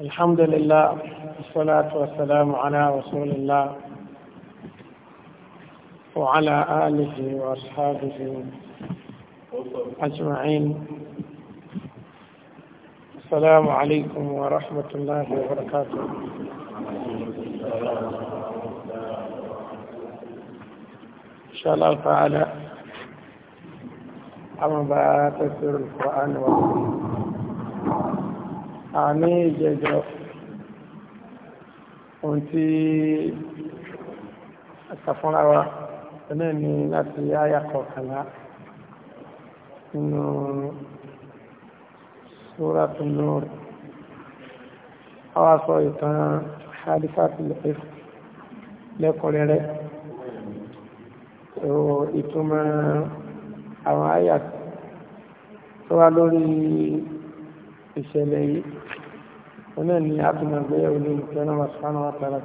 الحمد لله والصلاة والسلام على رسول الله وعلى آله وأصحابه أجمعين السلام عليكم ورحمة الله وبركاته إن شاء الله تعالى أما تفسير القرآن والسنة àmì ìjẹjọ ohun tí àtàfúnra wa ẹ̀nà ni láti áyà kọkànlá nínú Suratul Nur àwọn sọ ìtàn halifax lẹ́kùnrẹ́rẹ́ ìtumọ̀ àwọn áyà tó wá lórí ìṣẹ̀lẹ̀ yìí wọn náà ní àtúnàgbéyàwó ní ìfẹ́ náà wà sánà wà tààrà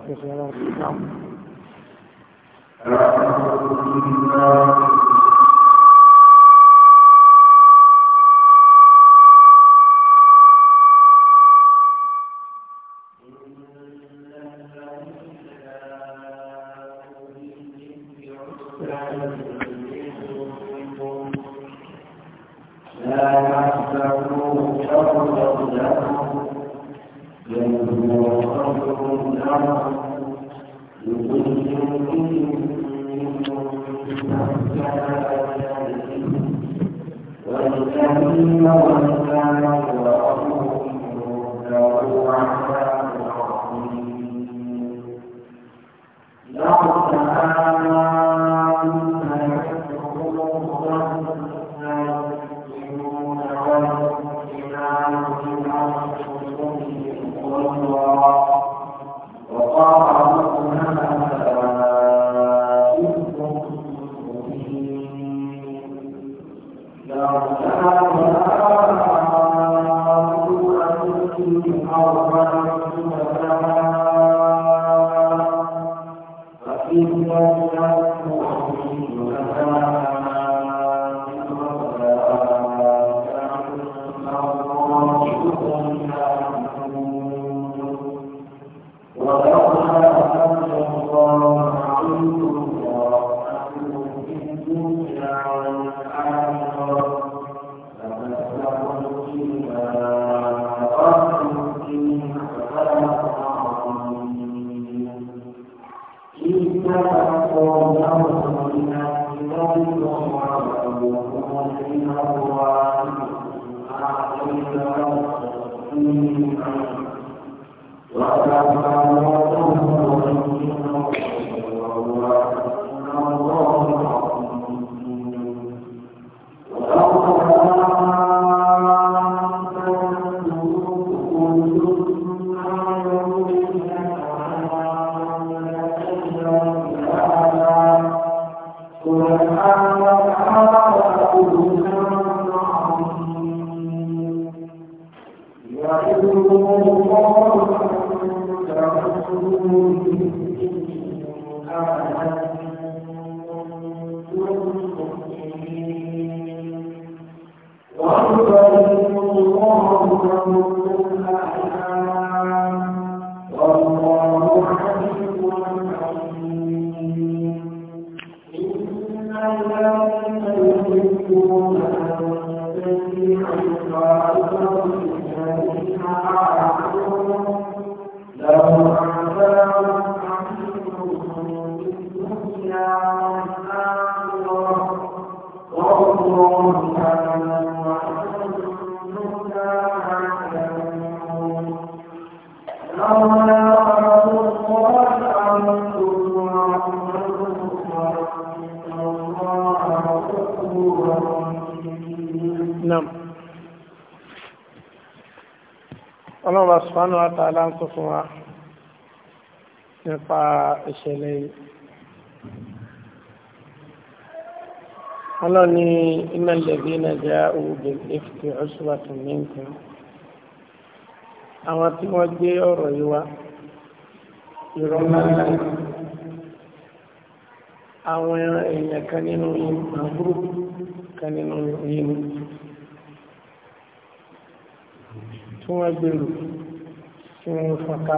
كنتم فيه قد ń sọ fún wa nípa ìṣẹ̀lẹ̀ yìí. ọlọ́ni iná lẹ́bí iná jẹ́ òògùn ìfìtì ọ̀ṣùwàtò mìíràn àwọn tí wọ́n gbé ọ̀rọ̀ yìí wá ìrọ̀ ńláńlá àwọn èèyàn kan nínú yìí àbúrò kan nínú yìí tí wọ́n gbèrò tí wọ́n fọ́n ká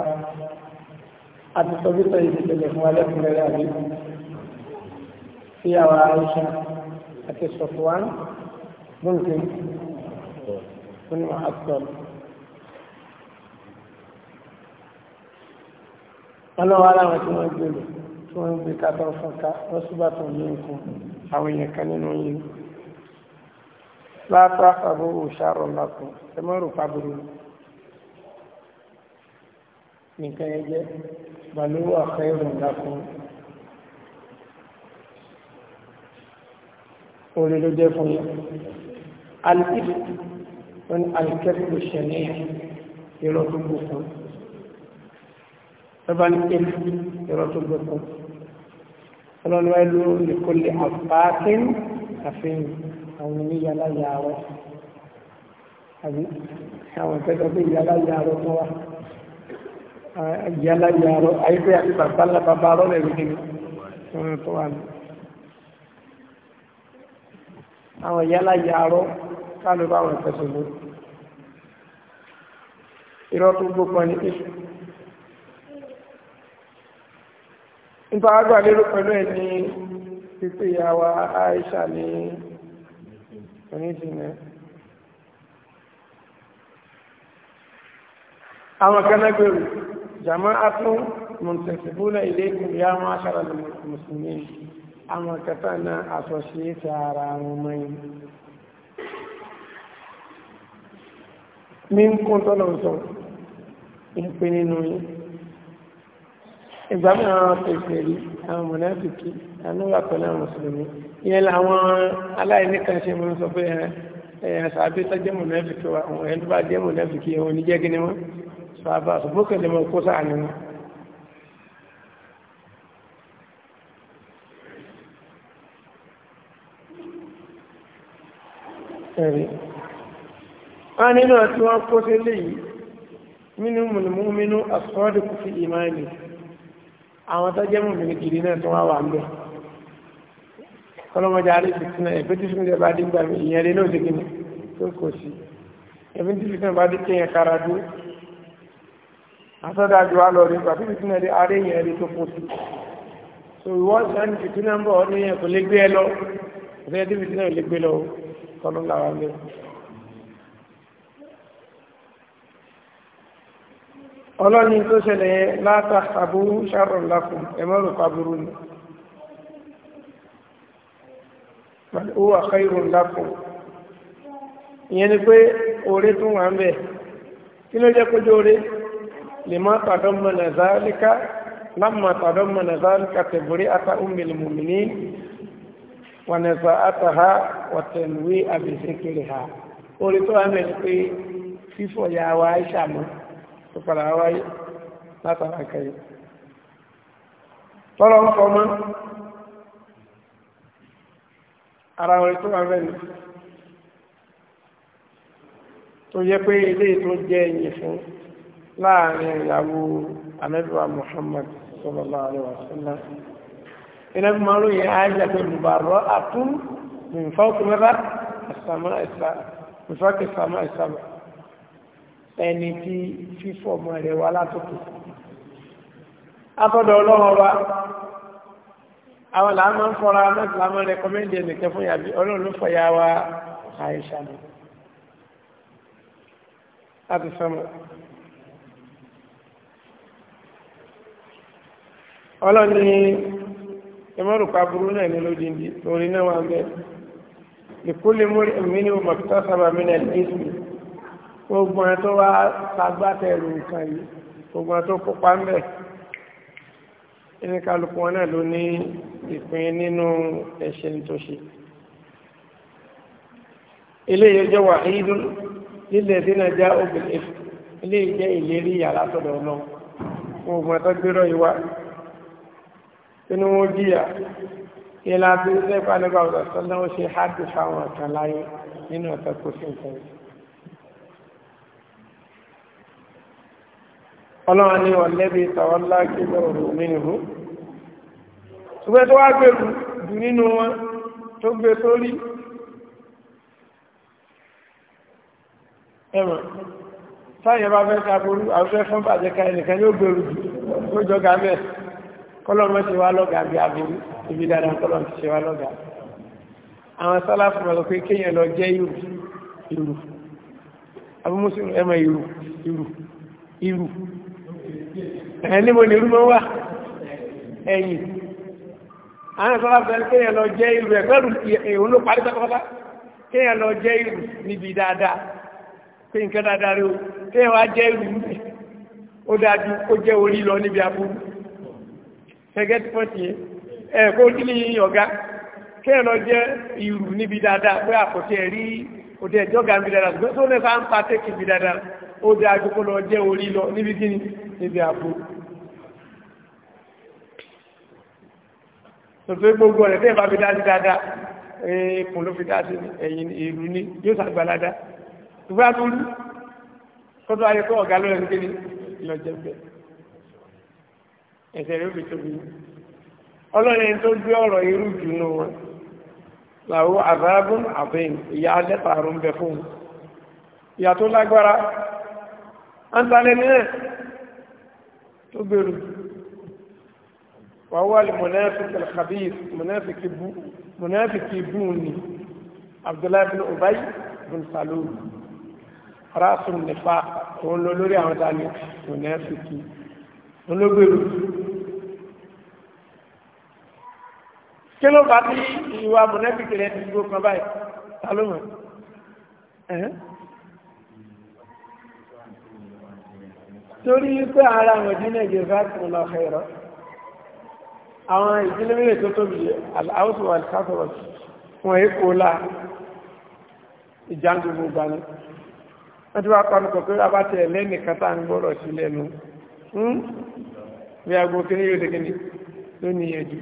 àti sọ́bítọ̀ ìdíjẹ̀lẹ̀ fún alẹ́kùnrẹ́rẹ́ àbí sí àwọn aisha àti sọ̀fọ́wán mọ́nkì fún àtọ́n ọlọ́wọ́ aláwọ̀ tí wọ́n gbé lò tí wọ́n gbé kátọ́ fọ́n ká wọ́n súbà tó ní nǹkan àwọn èèyàn kan nínú yìí látọ́ àfàbọ̀ òṣàrọ̀ lápò ẹ mọ́rò pàbùrù nìkan yẹn jẹ́ balówó àkẹ́rù ńlá fún orí ló jẹ́ fún yẹn alìkìtì wọn ni alìkẹ́kọ̀ọ́ ṣẹlẹ̀ irọ́ tó gbò fún ẹbá ní kéèlì irọ́ tó gbò fún ọlọ́ni wáyé ló lè kó lè àfáàkín àfihàn àwọn oníyàlá yàrá àbí àwọn ìfẹ́tọ́ tó yàrá yàrá tó wà ìyálà ìyàrọ̀ àyíkẹ́ àti bàbá ńlá bàbá rọ́lẹ̀ ìrìnkiri ọ̀rọ̀ tó wà ní àwọn ìyálà ìyàrọ̀ kálù bá wọn fẹsẹ̀ ló irọ́ tó gbópa ní iṣu nípa àgbà lérò pẹ̀lú ẹ̀ ní pípé ìyàwó Aisha ní oníṣìnà àwọn kanágbèrè jama'atun muntasibuna ilaykum ya ma'ashara muslimin àwọn kẹta náà associate ara wọn mọ́yìn ní kún tọ́lọ̀ sọ ìpè nínú yìí ìgbà mìíràn àwọn pèsè rí àwọn mọ̀nàfìkì àníwà pẹ̀lú àwọn mùsùlùmí ìyẹn làwọn aláìní kan ṣe mọ́ sọ pé ẹ̀yà sàbí tọ́jẹ́ mọ̀nàfìkì wa àwọn ẹ̀ńdúbà jẹ́ mọ̀nàfìkì wọn ní jẹ́gínní wọn sábà ṣùgbọ́n kẹlẹ̀ mọ́ kó sáàánú wọn ẹ̀rí wọ́n nínú àti wọ́n kó sí lè yìí nínú mùnmú mínú àsọ́ọ́dì kò fi ìmáìlì àwọn tó jẹ́ mùnmí gidi náà tó wá wà ń bẹ̀ kọlọmọdé alẹ́ ti tún ẹ̀fẹ́ tí fún ìjọba dígbà ìyẹn lé náà ṣe kí ni tó kò sí ẹ̀fẹ́ tí fún ìjọba dígbà ìyẹn kára dúró asọ́dájú wa lọ rí pàtó bí sínú ẹ̀rí aré yẹn rí tó kó sí so ìwọ ìsáni fìtí náà ń bọ̀ ní ẹ̀kọ́ lé gbé ẹ lọ ìfẹ́ tí fìtí náà lè gbé lọ kọ́nú làwa lé. ọlọ́ni tó ṣẹlẹ̀ yẹn láta àbúrú ṣàrọ̀ lákùn ẹ̀mọ́ rò pàbúrú ni ó wà khairun lákùn ìyẹn ni pé oore tún wà ń bẹ̀ kí ló jẹ́ kójú oore. لما تضمن ذلك لما تضمن ذلك تبرئة أم المؤمنين ونزاعتها وتنويع بذكرها أريد أن أقول في فويا وعيشة ما فقال وعي لا ترى كي ترى فما أرى أريد أن tó jẹ́ pé ilé tó jẹ́ ẹ̀yìn fún láàrin ìyàwó anẹ́bíwá Muhammad sallallahu alaihi wasallam iná bí máa lóye ààjẹ́ pé mùbàrọ̀ àtún nìfọ́kùnrẹ́rà ìsàmà ìsàmà ẹni tí fífọ́ ọmọ rẹ̀ wá látòkù atọ́dọ̀ ọlọ́run wa àwọn làámọ́ ń fọ́ra láti láàmọ́ rẹ̀kọ́mẹ́ndì ọlọ́ni ìmọ̀rùpá burú náà ní lódìndí lórí náà wà bẹ́ẹ̀ ìkúlé múrí ìmínú mọ̀tò sábà mínà ìdíjì gbogbo ẹ̀ tó wá sagbátẹ̀rù nǹkan yìí gbogbo ẹ̀ tó kópa ń bẹ̀ ní kálukú wọn náà ló ní ìpín nínú ẹ̀ṣẹ̀ tó ṣe ilé ìjọ wà ìdún nílẹ̀ dínà já obìnrin ilé ìjẹ́ ìlérí yàrá tọ̀dọ̀ náà gbogbo ẹ̀ tó gbérọ̀ sínú wọn jìyà yìí láti ṣe ìpàdébà ọ̀dọ̀ sọ́dọ̀ ó ṣe hádì fáwọn ọ̀tàn láyé nínú ọ̀tàn kò sí nǹkan yìí. ọlọ́run ní ọ̀lẹ́bí tàwọ́lá kí lọ́rọ̀ mínú ṣùgbẹ́ tó wá gbèrú jù nínú wọn tó gbé sórí ẹ̀mọ̀ sáyẹ̀ bá fẹ́ sàbúrú àwọn fẹ́ fún bàjẹ́ká ẹnìkan yóò gbèrú jù tó jọ gàmẹ́ẹ̀ kọlọ́mọ ti wá lọ́gà bí aburú ibi dáadáa kọlọ́mọ ti ṣe wá lọ́gà àwọn sálàfù mọ̀ pé kéèyàn lọ jẹ́ irú irú abúmúsùn ẹmọ irú irú irú ẹ̀yìn níbo ni irú mọ́ wà ẹ̀yìn àwọn sálàfù mọ̀ kéèyàn lọ jẹ́ irú ẹ̀fẹ́rù ìhun ló parí pátápátá kéèyàn lọ jẹ́ irú níbi dáadáa pé nǹkan dáadáa rí o kéèyàn wá jẹ́ irú ó dájú ó jẹ́ orí lọ níbi aburú ṣẹgẹ́tì pọ́ǹtì ẹ̀ kó kí ni ọ̀gá kẹ́ẹ̀ lọ jẹ́ ìrù níbi dáadáa pé àkọsí ẹ̀ rí òde ẹ̀jọ́ ga níbi dáadáa ṣùgbọ́n tó lẹ́fà ń pa tẹ́kì níbi dáadáa ó dé agbókò lọ jẹ́ orí lọ níbi kíni níbi àbò. tòtò gbogbo rẹ̀ bẹ́ẹ̀ bá fi dáadáa dáadáa ẹ̀ẹ́kùn ló fi dáadáa ẹ̀yìn ìrù ni yóò ṣàgbàládá ṣùgbọ́n àtúndú kótó ayé kó ọ̀gá lọ́rẹ̀ níbi lọ́jọ́ bẹ́ẹ̀ ẹsẹ̀ rẹ̀ fi tóbi ọlọ́run tó gbé ọ̀rọ̀ irú jù nù wọn làwọn àbábùn àbẹ́yìn ìyá alẹ́pàárùn bẹ fún un ìyá tó lágbára àǹtalẹ̀ ní ẹ̀ tó gbèrú wàá wà lè mọ̀nẹ́fìkì khabir mọ̀nẹ́fìkì bú mọ̀nẹ́fìkì bú ni abdullahi ubay bin salul rasul nifa òun lọ lórí àwọn tani mọ̀nẹ́fìkì ológbèrú kí ló bá bí ìwà mọ̀lẹ́bí kìlẹ̀ ti gbó kan báyìí ta ló mọ̀ torí pé ara àwọn ìdílé ìjọba tó lọ fẹ́rọ àwọn ìdílé mílẹ̀ tó tóbi aláwọ̀tò wà lùkàtọ̀rọ̀ wọn èé kó la ìjà ń gbogbo gbani wọ́n ti wá panu kọ̀ pé abátẹ̀ lẹ́nìkan tá à ń gbọ́rọ̀ sí lẹ́nu Hmm? bí aago kíní yóò ṣe kíní lónìí yẹn jù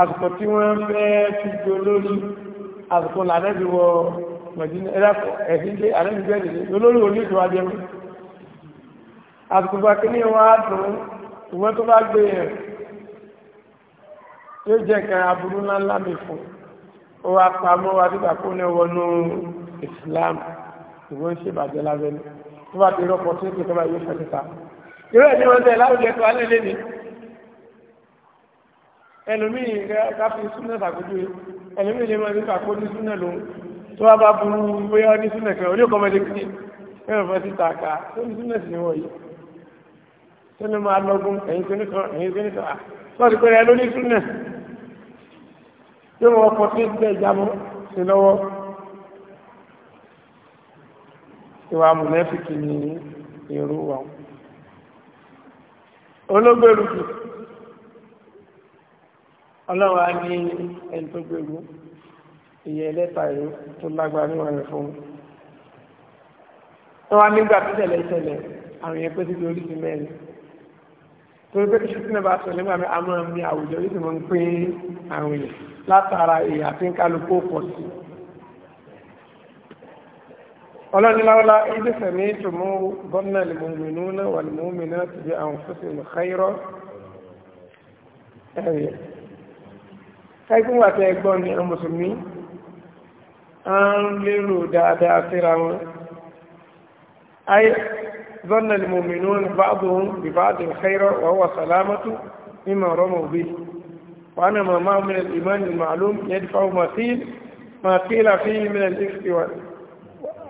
àsìkò tí wọ́n fẹ́ fi jo lórí àsìkò làdẹ́bí wọ mọ̀jínà ẹ̀dàpọ̀ ẹ̀sìn lé àdẹ́bí bẹ́ẹ̀ lè lórí òní ìtura jẹ́ mi àsìkò bá kíní wọn á dùn ìwọ́n tó bá gbé yẹn yóò jẹ́ nǹkan aburú ńláńlá mi fún ó wá pa mọ́ wa tó dàkú ní wọnú Islam ìwọ́n ṣèbàjẹ́ lábẹ́ni tó bá ti rọ́pọ̀ tó ń pè bá yóò fẹ́ ìrẹ́ ní wọ́n tẹ̀ láwùjọ tó alẹ́ lé ní ẹlòmíì káfí súnà sàkójú ẹlòmíì lè máa ní sàkó ní súnà lòun tó wá bá burú bóyá ní súnà kan orí ọkọ̀mọdé kí ẹ̀rọ fẹ́ ti tààkà tó ní súnà sí wọ̀nyí tó ní máa lọ́gùn ẹ̀yìn tó ní kan ẹ̀yìn tó ní kan sọ́ọ̀dì pé ẹ ló ní súnà tó wọ́n kọ́ sí ìgbẹ́ ìjábọ̀ sí lọ́wọ́ ìwà mùnẹ́fìkì ni èrò wà wọn ológbèrú jù ọlọ́run á ní ẹni tó gbèrú ìyẹ ẹlẹ́ta ìlú tó lágbára níwọ̀n rẹ̀ fún un wọ́n á nígbà tó tẹ̀lé ìṣẹ̀lẹ̀ àrùn yẹn pé síbi oríṣi mẹ́rin torí pé kí ṣùgbọ́n bá sọ nígbà mẹ́rin àmọ́ mi àwùjọ oríṣi mọ́ ń pín àrùn yẹn látara èyí àti ń kálukú pọ̀ sí i ọlọ́nilọ́lá ibi sẹ̀mí tùmú gọ́nà lèmọ̀mìnú náà wà lèmọ̀mìnà ti di àwọn fúsin xayírọ́ ẹ̀rí káìkún wà tẹ ẹgbọ́n ní mùsùlùmí a ń lérò dáadáa síra wọn ayé gọ́nà lèmọ̀mìnú náà bá dùn bí bá dùn xayírọ́ wà wà sàlámàtú mímọ̀ rọ́mọ̀ bí wà náà màmá mi lè ìmọ̀ ní màlúm yẹ́dí fáwọn màtíl màtíl àfihàn mi lè ìfìwà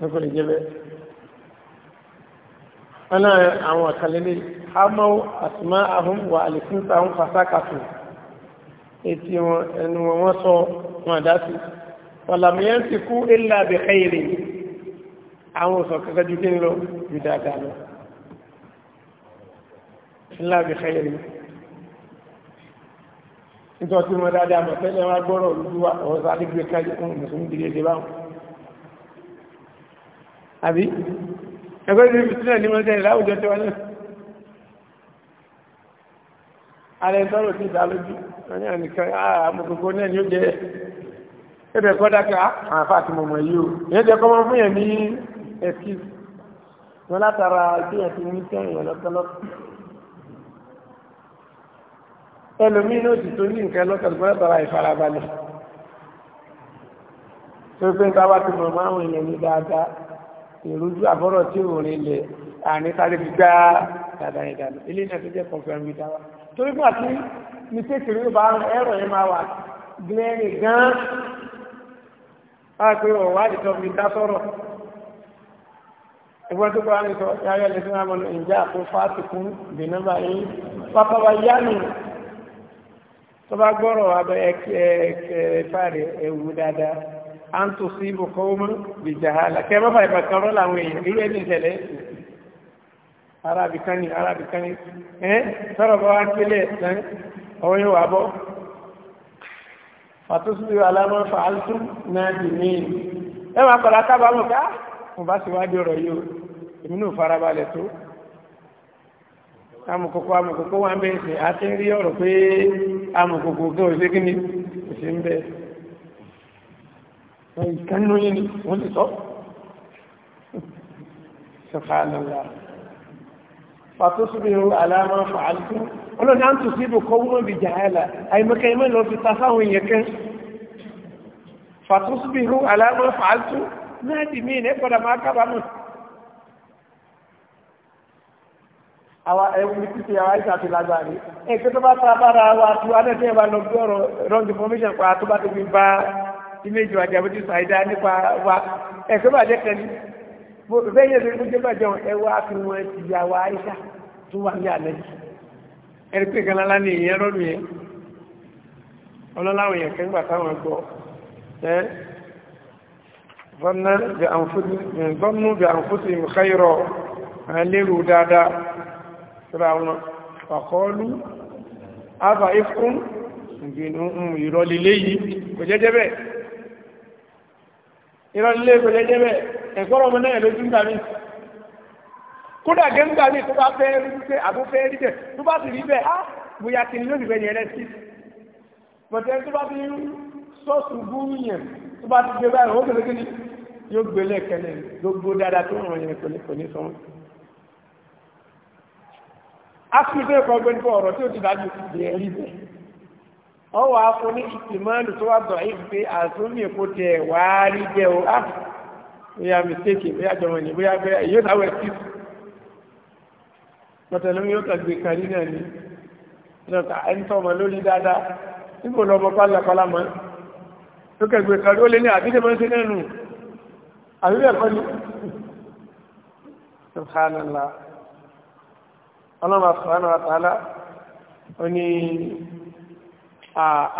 nípa lè jẹ́ bẹ́ẹ̀. wọ́n náà àwọn àkàlẹ́lẹ́ àmọ́ àtìmá ahùn wà àlèkún táwọn fàṣákàtù etí wọn ẹnu wọn wọ́n sọ wọn àdásí wàlàmìyàn ti kú ilà àbẹ̀kẹ́ ìrìn àwọn òsàn kankan ju kí ń lọ ju dáadáa lọ ńlá nítorí tí dáadáa mọ̀ tẹ́lẹ̀ wá gbọ́rọ̀ olùdó wa ọ̀sán àdìgbé kájú fún mùsùlùmí dìde dé báwọn àbí ẹgbẹ́ ìlú ìfìtínà ní mọ́ sẹ́yìn láwùjọ tí wọ́n náà ààrẹ sọ́rọ̀ sí ìdálójú wọ́n yà nìkan àmọ̀gbogbo náà ni ó jẹ́ ẹ̀bẹ̀ kọ́ dákẹ́ àǹfà ah, àti mọ̀mọ̀ yìí o èyí jẹ́ kọ́mọ fún yẹn ní ẹ̀kí wọn látara ìgbéyàn ti ní sẹ́yìn lọ́pọ̀lọpọ̀ ẹlòmíín náà ti tó ní nǹkan lọ́kàn látara ìfarabalẹ̀ tó gbé ń bá wá ti mọ̀ máa ń wọ̀nyẹn ní dáadáa ìrújú àbọ̀rọ̀ tí ò rí lẹ̀ àní sáré fi gbá dàdà ìdànù ilé náà ti jẹ́ kọ̀ọ̀fẹ́rù mi dáwà torí pé àti mi tètè rí bá ẹ̀rọ yẹn máa wà gbẹ́rin gan-an á pé ọ̀wá ìtọ́ mi dá sọ̀rọ̀ ìgbọ́n tó kọ́ra ní sọ yáyọ lè fi máa mọ̀ ìjà àpò fáàtì fún bìnàbà yìí pápáwa yánu tó bá gbọ́rọ̀ abẹ́ ẹ̀ẹ́fà rẹ̀ ewu à ń tòsí ibùkọ́ ọmọ gbèjàhálà kẹ́ bá bàbá ìbàkàrọ́ làwọn èèyàn irú ẹni ìṣẹ̀lẹ̀ arábìkan ni arábìkan ni ẹ́ sọ̀rọ̀ bá wá kílẹ̀ ẹ́ ọwọ́ yóò wá fa fàtúnṣe na fàáltù náà ẹ máa padà amukoko amukoko wa amukoko ìkan nínú yìí ni wọ́n ti sọ subhanallah pàtó síbi ìrù aláàmà fàálùkú ọlọ́ni à ń tù síbò kọ́ wọ́n bí jàhálà àìmọ́kẹ́ ìmọ̀ lọ fi ta sáwọn èèyàn kan pàtó síbi ìrù aláàmà fàálùkú náà dì mí ní ẹ̀kọ́dà máa kábàámọ̀ àwa ẹ̀wùn títí àwa ìṣàfi imeji wa jabati saida nípa wa ẹ̀sọ́ bàjẹ́ kan ní mo bẹ́ẹ̀ yẹ lórí jẹ́ bàjẹ́ wọn fi wọn ti ya wa aisha tó wà ní alẹ́ yìí ẹni pé kan lálá ní ìyẹn rọ́ọ̀lù yẹn ọlọ́láwọn yẹn kẹ́ńgbà táwọn gbọ́ ẹ gbọ́nà bí àǹfóṣì ìmùkáyọ̀rọ̀ àlérò dáadáa síra wọn fàkọ́ọ́lù àbá ìfún ìgbìnú hmm, ìrọ̀lẹ́lẹ́yìí kò jẹ́jẹ́ bẹ́ẹ̀ ìrọ̀lẹ́ ìpele débẹ̀ ẹ̀gbọ́n ọmọ náà lójú ń gbà mí. kódà gẹ́gbà mí tó bá fẹ́ rí pé àbó fẹ́ rí bẹ̀ tó bá sì rí bẹ̀ á bóyá kí ni lónìí bẹ́ẹ̀ ni ẹlẹ́sì. bọ̀tẹ́ tó bá fi sọ́ọ̀sì búrú yẹn tó bá ti gbé báyìí ó gbélé kí ni yóò gbélé kẹlẹ̀ gbogbo dáadáa tó ràn yẹn kò ní sọ Afi fẹ́ kọ́ gbẹ́ni fún ọ̀rọ̀ tí ó ti dájú ìdí ẹ̀rí bẹ́ẹ̀ ọ wà á fún ní ìtìmọ́lù tó wà dọ̀ ìfẹ́ àtúnmí kó tẹ̀ wá rí jẹ́ o á ah! bóyá mistake bóyá jọmọ ní bóyá bẹ́ẹ̀ yóò dáwọ́ ẹtí pọ̀tẹ́lẹ́mú yóò kàgbé kárí náà ni lọ́ka ẹni tó ọmọ lórí dáadáa níbo lọ ọmọ pálapàla mọ́ tó kẹgbé kárí ó lé ní àbídẹ́ mọ́ sí nínú àbíbẹ̀ kọ́ ni subhanallah ọlọ́mọ subhanahu wa ó ní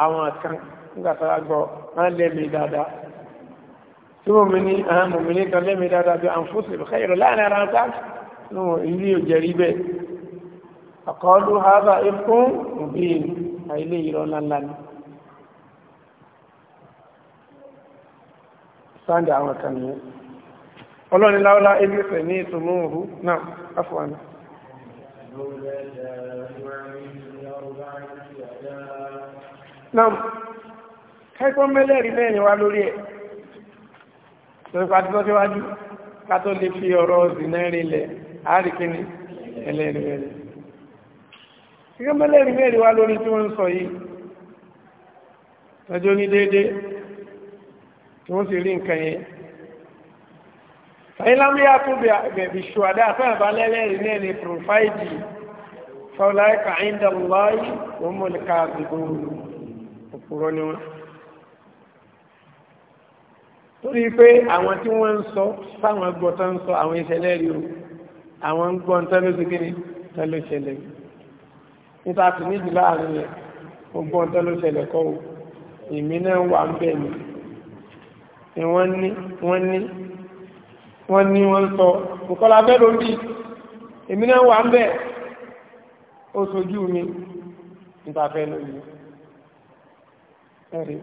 àwọn kan nígbàtàrà gbọ́ wọ́n lẹ́mí dáadáa tí mo mi ní àwọn mòmìnì kan lẹ́mí dáadáa bí àǹfóṣì lùkẹ́ ìrọ̀ láàrin ara ta ní ìlú òjẹ̀rí bẹ́ẹ̀ àkọọ́lù hábà ikún òbí àìlé ìrọ̀ ńláńlá ni sáńdà àwọn kan nìyẹn ọlọ́ni láọ́lá ebi fẹ̀ ní ìtumọ̀ òru náà afọ́ àná náà kẹ́kọ́ mẹ́lẹ́rìí mẹ́rin wá lórí ẹ̀ lórí pàtí tó síwájú ká tó lè fi ọ̀rọ̀ zinẹ́rin lẹ̀ àríkíní ẹlẹ́rìí mẹ́rin kẹ́kọ́ mẹ́lẹ́rìí mẹ́rin wá lórí tí wọ́n ń sọ yìí tọ́jú ní déédé tí wọ́n sì rí nǹkan yẹn irọ́ ni wọ́n torí pé àwọn tí wọ́n ń sọ táwọn gbọ́ tán ń sọ àwọn ìṣẹ̀lẹ̀ rí o àwọn ń gbọ́ tán ló ti kíni tán ló ṣẹlẹ̀ níta sì níjì láàrin rẹ̀ mo gbọ́ tán ló ṣẹlẹ̀ kọ́ o èmi náà wà ń bẹ̀ mí ni wọ́n ní wọ́n ní wọ́n ní wọ́n sọ nǹkọ́lá fẹ́ ló ń bí èmi náà wà ń bẹ̀ ó sojú mi níta fẹ́ ló ń ẹ̀rí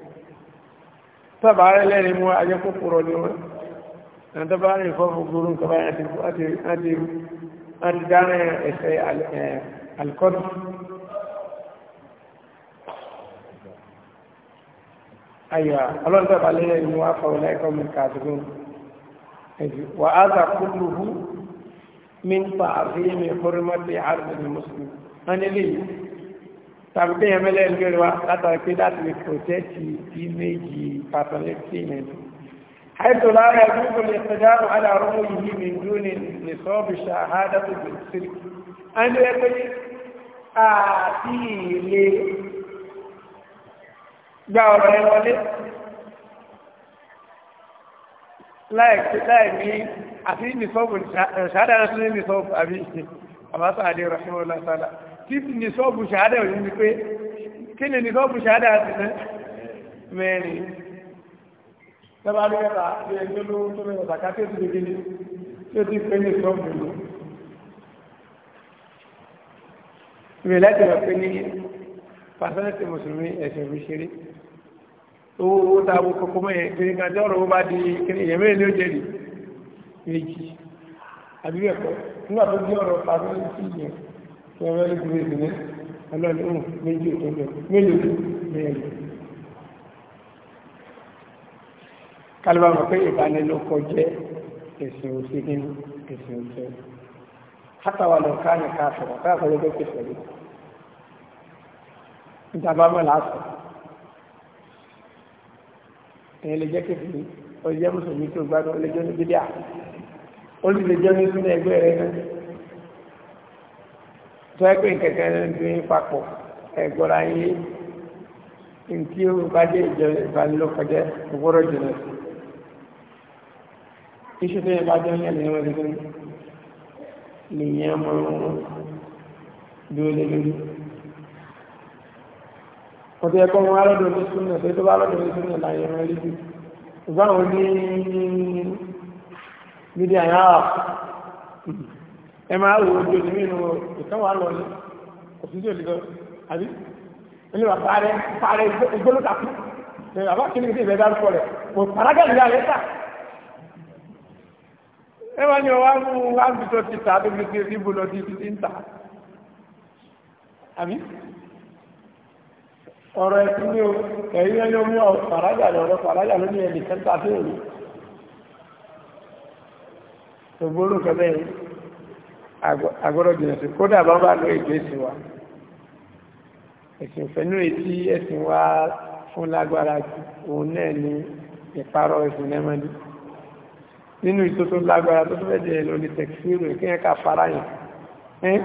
tọ́bà rẹ̀ lẹ́ni mú ajẹ́ kòkòrò ní wọ́n ẹ̀nà tọ́bà rẹ̀ fọ́fù gúrú nǹkan báyìí àti dáná ẹ̀sẹ̀ alkọ́dù ayọ̀ ọlọ́run tọ́bà lẹ́ni mú afọ̀wọ̀ lẹ́kọ́ mi kàdùrún wà á ta kúlùú min tààfin mi kúrúmọ́tì àrùn mùsùlùmí tàbí kéèyàn mẹ́lẹ́ lórí wa látàrí pé láti lè pòtẹ́tì ìméjì pàtàkì yẹn حيث لا يجوز الاقتدار على رؤيه من دون نصاب شهادة بالسرك أن يقول àti ilé gba ọ̀rọ̀ ẹ wọlé láìní àti nìsọ́bù ṣáàdára sí nìsọ́bù àbí àbásáàdé rọ̀ṣùn tí ní sọ́ọ̀bù ṣàádà òní ni pé kí ni ní sọ́ọ̀bù ṣàádà ti ná mẹ́rin tẹ́bà ẹ̀ta bí ẹjọ́ tó mẹ́rin ọ̀tàkà owó owó tá a wo kókó kan tí ọ̀rọ̀ owó bá di kiri ìyẹn mẹ́rin ló jẹ́ rí méjì àbí nígbà tó di ọ̀rọ̀ pàṣẹ́lẹ̀tì yẹn tí wọ́n rẹ́ lókùnrin ìsinmi ọlọ́ni ohun méjì tó lọ mélòó mẹ́rin kálíbà mọ̀ pé ìbánilókọ jẹ́ ẹ̀sìn òsì nínú ẹ̀sìn òsì hátàwà lọ káàní káàfọ̀rọ̀ káàfọ̀ ló gbé pẹ̀lú ìjàmbá mọ̀ lásán èyí lè jẹ́ kékeré ó lè jẹ́ mùsùlùmí tó gbádùn ó lè jẹ́ ní bídíà ó lè jẹ́ ní sínú ẹgbẹ́ rẹ̀ náà tó ẹgbẹ́ ìkẹ̀kẹ́ ń dín papọ̀ ẹ̀gbọ́ra yín ntí o bá dé ìjọ ìbánilókọjẹ́ ìgbọ́rọ̀ jùlọ iṣẹ́ tó yẹ bá jẹ́ yẹn lẹ́yìn ọdún kan nìyẹn máa ń dúró lé lórí wọ́n ti yẹ kọ́ wọn alọ́dún ní súnmọ̀ tó tó bá alọ́dún ní súnmọ̀ láyé wọn rí bí ìgbà wọn ní mídíà yàrá ẹ máa wò ojú ojú nínú ìkan wà lọ ní òfìsí òdìgbọ àbí nínú bàbá rẹ parẹ ìgbólóta kú bàbá kìíní kìíní ìbẹ dárúkọ rẹ kò parágà ìyá rẹ tà ẹ máa ní ọwọ́ mú wá bí tó ti tà tó fi ti rí bùlọ ti ti ń tà àbí ọ̀rọ̀ ẹ̀sìn ní o ẹ̀yìn ẹni omi ọ̀ parágà lọ́rọ̀ parágà ló ní ẹnì kẹta tó rí ògbóró kẹfẹ́ yìí agbọ́dọ̀ jìnà sí kódà bá bá lọ ètò ẹ̀sìn wa ẹ̀sìn fẹ́nú ètí ẹ̀sìn wa fún lágbára òun náà ní ìparọ́ ẹ̀sìn lẹ́mọ́dé nínú ìtótó lágbára tó tó fẹ́jẹ̀ lọ ní tẹ̀kífìrò ìkíyàn ká fara yàn ẹ́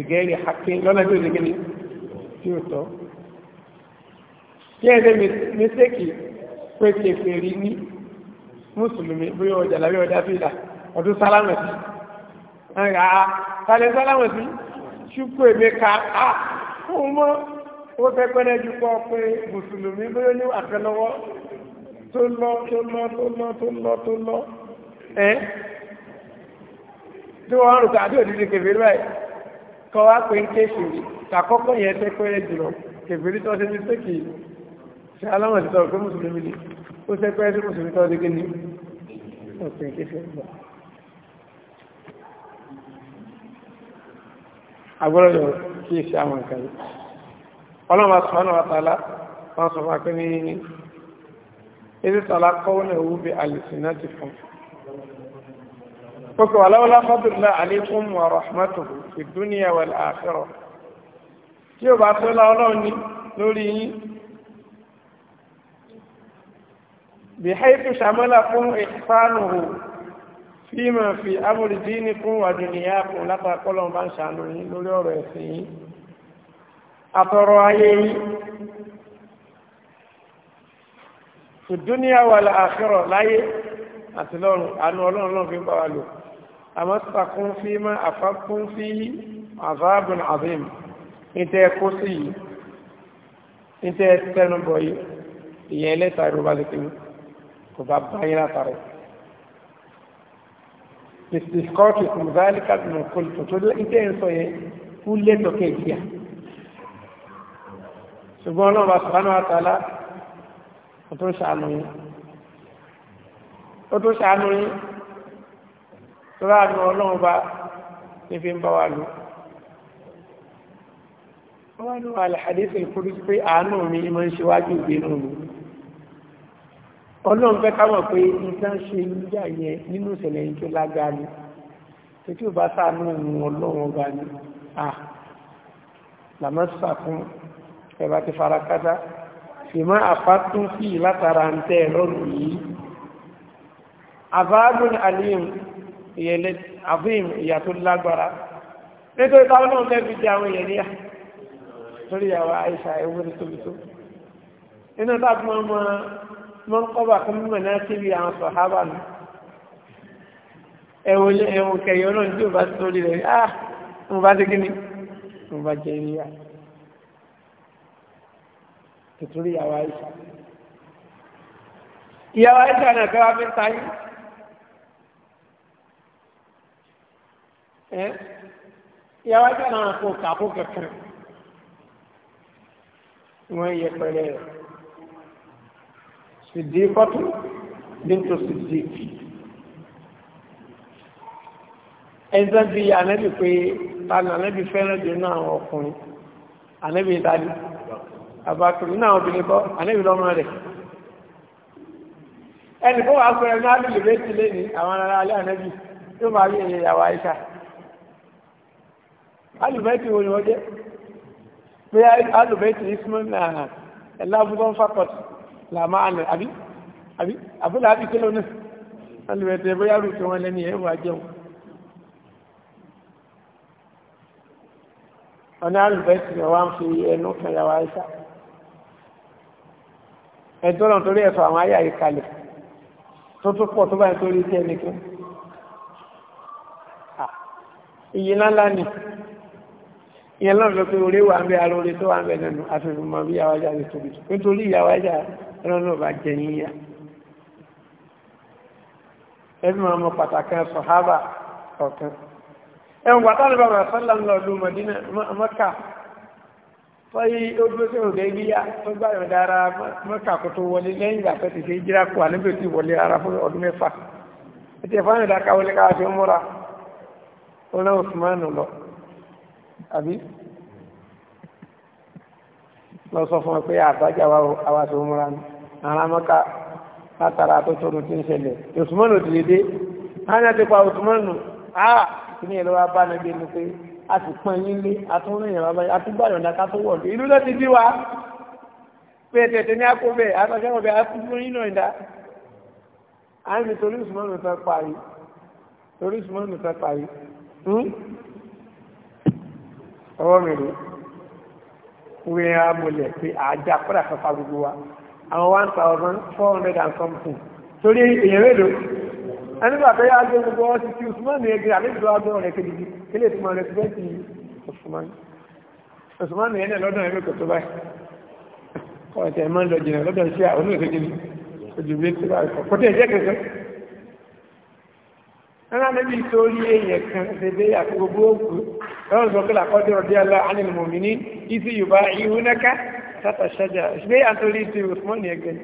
ìgẹ́rì hakin lọ́nà tó ṣe kíni tí ó tọ́ kí ẹ̀sẹ̀ mẹ́sẹ̀kì pé kẹfẹ́ rí ní mùsùlùmí bóyá ọjà lábẹ́ ọjà fìlà ọdún sálámẹ̀sì ẹ̀rà tàlẹ́ sálámù sí ṣùkú èmẹ́ka á fún mọ́ ó fẹ́ pẹ́lẹ́ ju pọ́ pé mùsùlùmí lóyún ní àtẹlọwọ́ tó lọ tó lọ tó lọ tó lọ tó lọ ẹ́ tí wọ́n rò tàbí òdìdí kẹfìrí báyìí kọ́ wá pé ń kéṣì tàkọ́kọ́ yẹn fẹ́ pẹ́lẹ́ jùlọ kẹfìrí tó ṣe ní sékì ṣe aláwọ̀ ti sọ̀rọ̀ pé mùsùlùmí ni ó fẹ́ pẹ́lẹ́ sí mùsùlùmí tó ṣe kí ni ọ̀pẹ̀ kéṣì ọ̀gbọ̀n agbọ́dọ̀ kí èsì àwọn nǹkan yìí ọlọ́mà sọ́nà àtàlá wọ́n sọ máa pé ní ilé tàlá kọ́wọ́ náà wú bí alìsìnà ti fún kókò aláwọ́lá fọ́dùnlá àlékún wa rahmatuhu fíìmà fi amúlì díínì kún wàdùnìyà kún látara kọ́lọ̀ bá ń ṣàánú yín lórí ọ̀rọ̀ ẹ̀sìn yín àtọ̀rọ̀ ayé yín ìdúníà wà láàkírọ̀ láyé àti lọ́run àánú ọlọ́run náà fi ń bá wa lò àmọ́ sàkún fíìmà àfákún fi àfáàbùn àbím ìtẹ́ ẹ̀kọ́ sí yìí ìtẹ́ ẹ̀tẹ́nubọ̀ yìí ìyẹn ẹlẹ́ta ìrọ̀bá kò bá báyìí látara ìsìkọ́tù ìkùnzálíkà nù kòlùtò tó lé ìtẹ́ ń sọ yẹn kú lẹ́tọ̀ kẹ́ẹ̀kì à ṣùgbọ́n náà bá sọ̀rọ̀ náà tààlà ó tó ṣàánú yín ó tó ṣàánú yín tó láàánú ọlọ́run bá ní fi ń bá wa lò wọ́n wá ní wàhálà àdéhùn ìkúrú pé àánú mi máa ń ṣe wájú ìgbénu mi ọlọ́run fẹ́ káwọn pé nǹkan ṣe níjà yẹn nínú ìṣẹ̀lẹ̀ yìí tó lágbára ni tètè ò bá sàánú ìrùn ọlọ́run ọba ni à làmọ́sà fún ẹ̀bá ti fara kátá fìmọ́ àpátún sí látara ń tẹ́ ẹ̀rọ́rù yìí àbáàdùn àlíyàn ìyẹ̀lẹ̀ àbíyàn ìyà tó lágbára nítorí táwọn náà fẹ́ fi jẹ àwọn èèyàn níyà lórí àwọn mọ́nkọ́bà kan mímọ̀ náà síbi àwọn sọ̀hábà nù ẹ̀wọ̀n ẹ̀wọ̀n kẹyọ náà tí ó bá sórí rẹ̀ ah mo bá dégé ni mo bá jẹ ilé à tìtúrí ìyàwó àìsà ìyàwó àìsà náà kẹwàá fi ń ẹ ìyàwó àìsà náà kò kàkó kẹkẹ wọn yẹ pẹ̀lẹ́ rẹ̀ siddiqatu bintu siddiq ẹnzẹ́ bí anẹ́bí pé tani anẹ́bí fẹ́ràn jù náà àwọn ọkùnrin anẹ́bí ìdájú àbákùnrin náà obìnrin kọ́ anẹ́bí lọ́mọ rẹ̀ ẹnì kó wàá pẹ̀lú ní alùpùpù méjì lẹ́ni àwọn ará alẹ́ anẹ́bí tó máa rí èyí ìyàwó àyíká alùpùpù méjì wo ni wọ́n jẹ́ pé alùpùpù méjì ismail náà ah, ẹ̀lá abúgbọ́n fàkọ̀tì làmáàlù àbí àbí àbúlà àbí kílò náà alùpẹ̀tẹ̀ bóyá rú kí wọ́n lẹ́ni ẹ̀ wà jẹun ọ̀nà alùpẹ̀tẹ̀ rẹ̀ wá ń fi ẹnu kan yàwá ẹ̀ṣà ẹ̀dọ́nà torí ẹ̀fọ́ àwọn ayà ìkàlẹ̀ tó tó pọ̀ tó báyìí torí tí ẹnìkan ìyí ńláńlá ni ìyẹn náà lọ pé orí wà ń bẹ aróore tó wà ń bẹ nínú àfihàn mọ bí ìyàwó ajá ọlọ́run ọba jẹ yíyá ẹbí máa mọ pàtàkì sọ̀hábà ọ̀kan ẹ̀wọ̀n pàtàkì bàbá sọ́lá ń lọ lùmọ̀ dínà mọ́kà fọ́yí ó dúró sí òde yíyá tó gbàyàn dára mọ́kà kó tó lọ sọ fún ọ pé ah, àbájá àwa tó múra ní ara mọ́ká látara tó tó ti ń ṣẹlẹ̀ òsùmọ́nù ti lè dé hánà ti pa òsùmọ́nù áà ah, kí ni ẹ̀rọ wa bá nàgbé ni pé a sì pọn yín lé atúnrún yẹn bàbá yẹn atúgbàdàn náà ká tó wọ̀ lé ìlú náà ti bí wa pé tẹ̀tẹ̀ ní akó bẹ́ẹ̀ àtàkẹ́ wọn bẹ́ẹ̀ atúgbọ́n yín náà dá a ń torí òsùmọ́nù tán parí torí òsùmọ́nù tán parí hmm? ọwọ́ mi rèé wíra mọ̀lẹ̀ pé àájá kọ́dà fẹ́fà gbogbo wa àwọn one thousand four hundred and something torí èyàn mélòó ẹni bàbá yá gbé gbogbo wọn ti ti Usman ní ẹgbẹ́ àlejò àgbẹ̀ rẹ̀ kejì kílè tó máa rẹ̀ síbẹ̀ ti Usman Usman ní ẹ̀nà lọ́dún ẹgbẹ́ kòtò báyìí kọ́ ẹ̀tẹ̀ mọ́ lọ jìnnà lọ́dún iṣẹ́ àwọn oníṣẹ́ jìnnà ojú bí ó ti bá rẹ̀ ẹ̀rọ níbi torí èèyàn kan ṣẹ̀dẹ̀ àti gbogbo òkú lọ́rùn sọ kílà kọ́ dẹ̀rọ̀ díẹ̀ lọ ánìlì mòmìnì ìsì yorùbá ihu nẹ́ka sátà ṣájà ṣùgbẹ́ àtòrí ti Usman ní ẹgbẹ́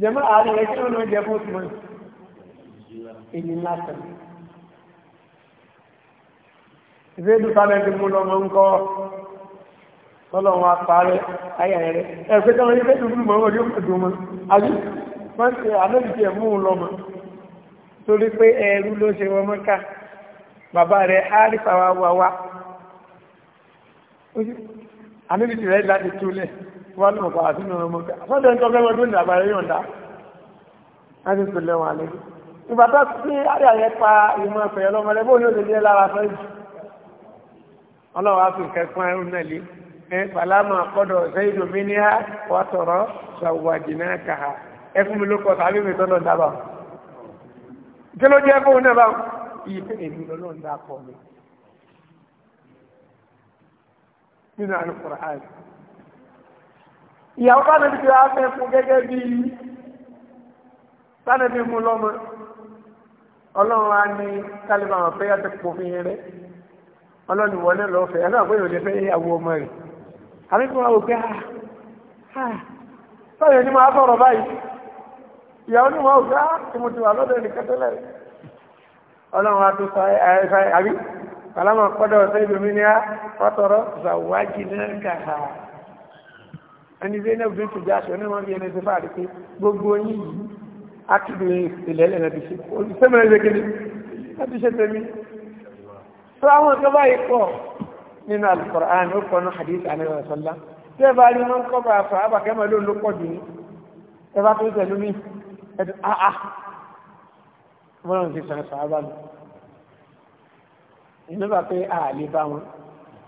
jẹ́mọ́ àárín rẹ̀ kí ló náà jẹ́ fún Usman èyí lásán ìfẹ́lú sálẹ̀ ti mú lọ́mọ ń kọ́ torí pé ẹrú ló ṣe wọ mọ́ká bàbá rẹ̀ árífà wa wà wá àníbi tìrẹ́ láti túlẹ̀ wọ́n lọ́wọ́ bàbá sínú ọmọ mọ́ká fọ́dọ̀ ń tọ́gbẹ́ wọn tó ní àbáyé yọ̀ǹda láti tó lẹ́wọ̀n àlejò ìgbà tó sí àrí àyẹ pa ìmọ̀ ẹ̀fẹ̀ ọlọ́mọ rẹ̀ bóyá ó lè lé lára fẹ́ jù ọlọ́wọ́ á fi kẹ́kọ́ ẹrú náà lé falama kọdọ zayidu miniya wa tọrọ sawajina kaha ẹfun mi ló kọ tàbí mi tọdọ daba kí ló jẹ́ fóun náà bá iye pé èmi lọ́lọ́run dá kọ́ mi nínú àlùkùrọ̀ àìsí. ìyàwó bá nàbí tí wàá fẹ́ fún gẹ́gẹ́ bí sánàbí mú lọ́mọ ọlọ́run á ní kálíbà àwọn fẹ́ yàtọ̀ pòfin rẹ̀ ọlọ́run ìwọ náà lọ́ọ́ fẹ́ ẹ náà lè fẹ́ ọmọ àbí ìyàwó ní wọn gbá tí mo ti wà lọ́dọ̀ ẹnìkan tẹ́lẹ̀ ọlọ́run àti àbí kàlámà pọ́dọ̀ ọ̀sẹ̀ ìbòmí ni a pàtọ́rọ́ ṣàwájì náà kàkà ẹni bí ẹni obìnrin tìjà aṣọ ní wọn bí ẹni ṣẹfà rí pé gbogbo yín yìí akíndùn ìpìlẹ̀ ẹ̀lẹ́ náà ti ṣe olùsẹ́mìnà ìwé kejì láti ṣe tẹ̀mí. tó àwọn tó báyìí pọ̀ hadith anabi sallallahu tẹ́ bá rí wọn kọ́ bá a fà á bàkẹ́ mọ́ ló ló pọ̀ jù ní ẹ bá tó tẹ̀lé mi ẹ̀dùn àà ah, mọ́ràn ah. ti sàn sàábà nù inú bá pé ààlè bá wọn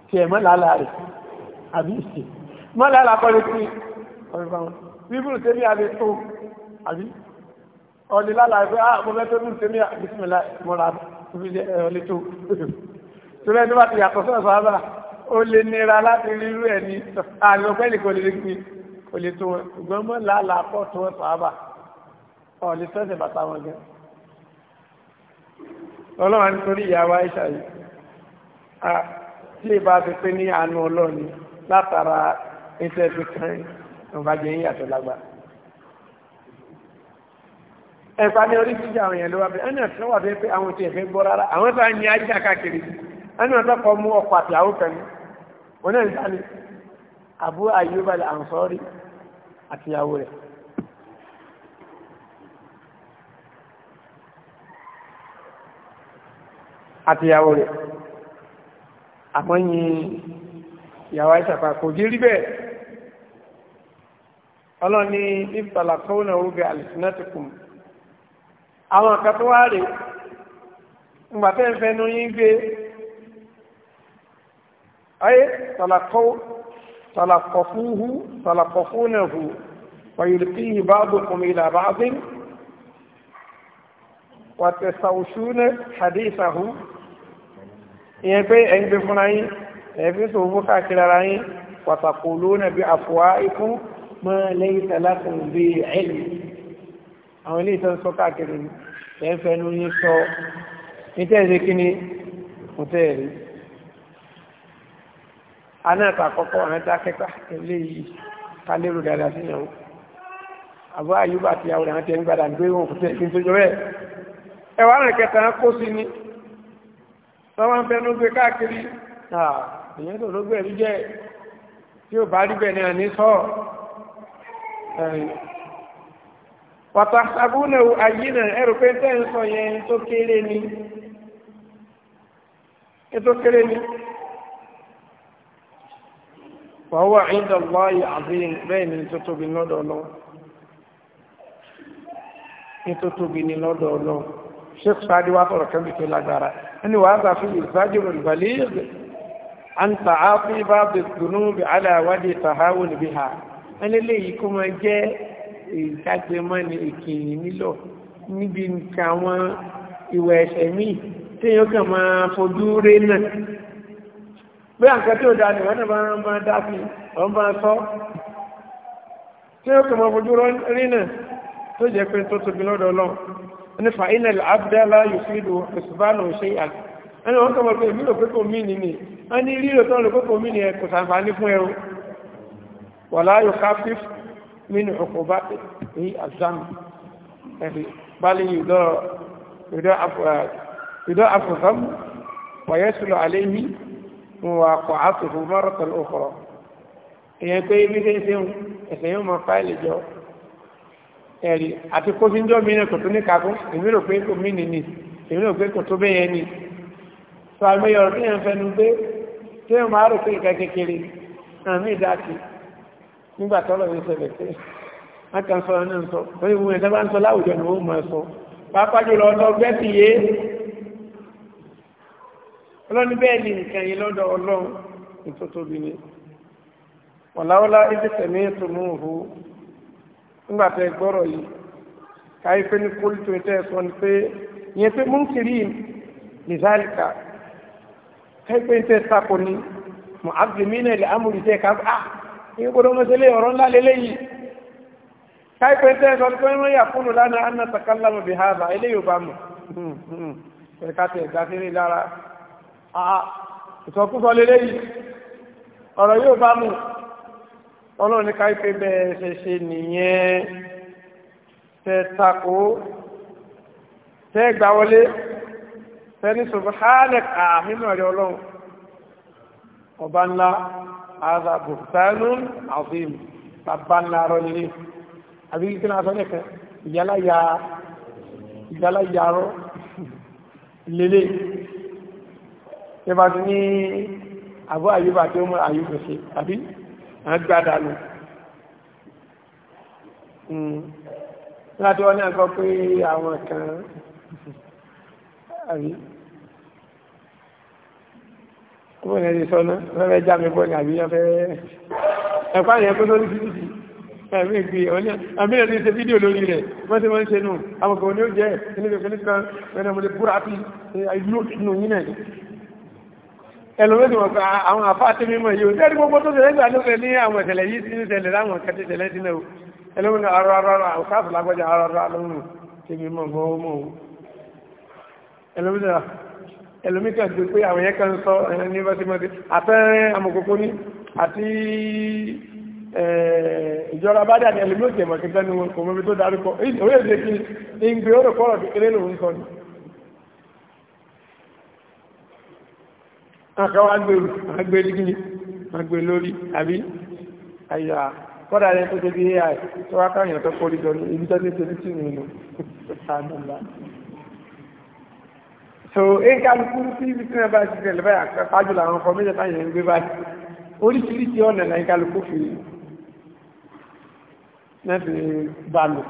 tí ẹ̀ mọ́lálà rẹ̀ àbí ìsì mọ́lálà kọ́lé tí ọ̀rẹ́ bá wọn bíbùrù tẹ́lẹ̀ àbí tó àbí ọ̀lẹ́ lálà rẹ̀ pé àà ah, mo fẹ́ tó bíbùrù tẹ́lẹ̀ àbí tí mi lá mọ́ra ọ̀lẹ́ tó tó bẹ́ẹ̀ tó bá ti yàtọ̀ sọ̀rọ̀ sàábà ó lè nira láti rí irú ẹ̀ ní àlùfẹ́lì kò lè gbé kò lè tó wọn ṣùgbọ́n mọ́lálà pọ̀ tó wọn sàábà ọ̀lẹ́ fẹ́sẹ̀ bàtà wọn gẹ́ ọlọ́run nítorí ìyàwó àìṣà yìí a tí ì bá fi pé ní àánú ọlọ́run látara iṣẹ́ fi kan ìbàjẹ́ yìí yàtọ̀ lágbà ẹ̀pà ní orí jíjà àwọn èèyàn ló wá bẹ́ẹ̀ ẹni ọ̀tún wà bẹ́ẹ̀ pé àwọn ti ẹ̀fẹ́ gbọ́ rárá àwọn tó ń ní ajá káàkiri ẹni ọ̀tún kọ́ àtìyàwó rẹ̀ àmọ́ yin ìyàwó àìsàpá kò jí rí bẹ́ẹ̀ ọlọ́ni ìfàlà kọ́wọ́nà orúgbẹ àlìsínátìkùn àwọn kan tó wá rè ńgbà tẹ́ ń fẹnu yín gbé ayé tàlàkọ̀fúhù tàlàkọ̀fúnàhù wàyùlùkíyì bá bùkún ilà bá bí wàtẹ̀sàwùsúnà hadithahu ìyẹn pé ẹ̀ ń gbé fúnra yín ẹ̀ fi sòwò fún káàkiri ara yín pàtàkì olóòna bí àfọwá ikú mọ́ lẹ́yìn tẹ̀lásìn bí ẹ̀lì àwọn ilé ìtọ́ sọ káàkiri ẹ̀ ń fẹnu yín sọ nítẹ̀ẹ̀sẹ̀ kí ni kò tẹ̀ẹ̀rí anáàtà àkọ́kọ́ àwọn dákẹ́kà ilé yìí ká lérò dáadáa sí ìyàwó àbúrò àyùbá àti ìyàwó rẹ̀ àwọn tẹ̀ ń kẹta kó sí ni sọ́wọ́n ń fẹ́nu gbé káàkiri ìyẹn tó lóògbé ẹ̀rí jẹ́ tí ó bá rí ní àní sọ wàtà sábúnà àyínà ẹrù tẹ́ ń sọ yẹn tó kéré sheikh sadi wá sọ̀rọ̀ kan tó lágbára ẹni wàá sà fi ìsájú olùbàlẹ̀ an tààfin bá bẹ dùnú bí aláwádìí sàháwò níbí ha ẹni léyìí kó máa jẹ́ ìdágbémọ́ni ìkìyìn nílò níbi nǹkan àwọn ìwà ẹ̀ṣẹ̀ míì téèyàn kàn máa fojú rẹ̀ náà bí àǹkà tí ó dáa ní wọ́n náà máa dá sí wọ́n máa sọ tí ó kàn máa fojú rẹ̀ náà tó jẹ́ pé tó tóbi lọ́dọ̀ ọlọ́run ní fàílẹ̀ àbdẹ́lá yòfílù ìsùbánù ṣe yà ẹni wọ́n kọmọ̀ pé ìmìlò pé kò mí ní ní a ní rí ìrọ̀tọ́ rẹ̀ pé kò mí ní ẹ kò sàǹfààní fún ẹrù wà láyò káfí mínú ọkọ̀ bá ní àzámi ẹ̀rí bálí ìdọ́ àfùsọ́m wàyẹ́ sùlọ àléhì wà kọ̀ àtùfù mọ́rọ̀tọ̀ lóòkọ̀rọ̀ ìyẹn pé ibi tẹ́ ẹ̀rí àti kó sí ń jọ́ mìíràn kò tó ní kakún èmi rò pé kò mìíràn ni èmi rò pé kò tó bẹ́ẹ̀ yẹn ni sọ àmì ọ̀rọ̀ tí yẹn fẹnu gbé tí yẹn máa rò pé ìka kékeré àmì ìdáàkì nígbà tọ́lọ̀ yóò ṣẹlẹ̀ pé wọ́n kàn sọ ọ́nà ń sọ lórí ìwé ẹ̀dá bá ń sọ láwùjọ ni wọ́n máa sọ pàápàá jùlọ ọ̀dọ́ gbẹ́sì yé ọlọ́ni bẹ́ẹ̀ ni nǹkan yìí lọ́dọ̀ ọlọ́run ìtótóbi ni nígbà tẹ gbọ́rọ̀ yìí káyí pé ní kólú tó tẹ́ sọ ni pé ìyẹn pé múnkìrí nìzáríkà káyí pé tẹ́ sako ni mọ abdulmina ilẹ̀ amúlù tẹ́ ká bá ah, ìyẹn gbọ́dọ̀ mọ́sẹ́lẹ̀ ọ̀rọ̀ ńlá lélẹ́yìí káyí pé tẹ́ sọ ni pé wọ́n yà fóònù lánàá anna takallama bi hàbà eléyìí ò bá mọ̀ ẹ̀ka tẹ̀ ẹ̀dá sí lára ah, ìsọkúsọ lélẹ́yìí ọ̀rọ̀ yóò bá mọ̀ ọlọ́run ní káyípé bẹ́ẹ̀ ṣe ṣe nìyẹn tẹ tako tẹ gbà wọlé tẹ ní subhanak àmínú ẹ̀rẹ́ ọlọ́run ọba ńlá àza bùtánù azim bàbá ńlá rọ nílé àbí kí náà sọ nìkan ìyálàyà ìyálàyà rọ lélẹ̀ ìbàdí ní àbú àyíbà tí ó mú àyíbò ṣe àbí agbádàlú láti hmm. wọ́n ní àgbọ́ pé àwọn kan àrí ọmọ ìrìn àti sọ́nà lọ́rẹ́ já mi bọ́ ní àbíyàn fẹ́ ẹ̀pá ìyẹn kó lórí fídíò ẹ̀mí ìgbì ọ̀ní àmì ìrìn ṣe fídíò lórí rẹ̀ wọ́n tí wọ́n ń ṣe nù àmọ̀kọ̀ ní ó jẹ́ ẹni ẹlòmídìí wọn pa àwọn àfáàtì mímọ̀ yìí ó jẹ́rí gbogbo tó ṣẹlẹ̀ gbà lókè ní àwọn ìṣẹ̀lẹ̀ yìí ti ń ṣẹlẹ̀ láwọn kẹtì sínú o ẹlòmídìí ọ̀rọ̀ ọ̀rọ̀ àwòkáàfù lágbọ́jà ọ̀rọ̀ ọ̀rọ̀ lóhùn tí mímọ̀ gbọ́wọ́ mọ̀ o ẹlòmídìí ẹlòmídìí kan ti pé àwọn yẹn kan sọ ní mọ́tímọ́tí àtẹ́rẹ́ amọ̀kòkò ní àti ìjọra bá dà ní ẹlòmídìí àkọwà gbèrú agbèrú kí ni agbè lórí àbí àyà kọ́dà rẹ̀ tó tẹ́bí ai tó wá káyàn tó kórí jọ ní ibi tó tẹ́ tẹ́bí tí nínú àdàlá so èyí kálukú sí ibi tí wọ́n bá ti tẹ̀lé báyà pàjù làwọn ọkọ̀ méjì táyà ń gbé báyìí oríṣiríṣi ọ̀nà náà kálukú fi náà fi balù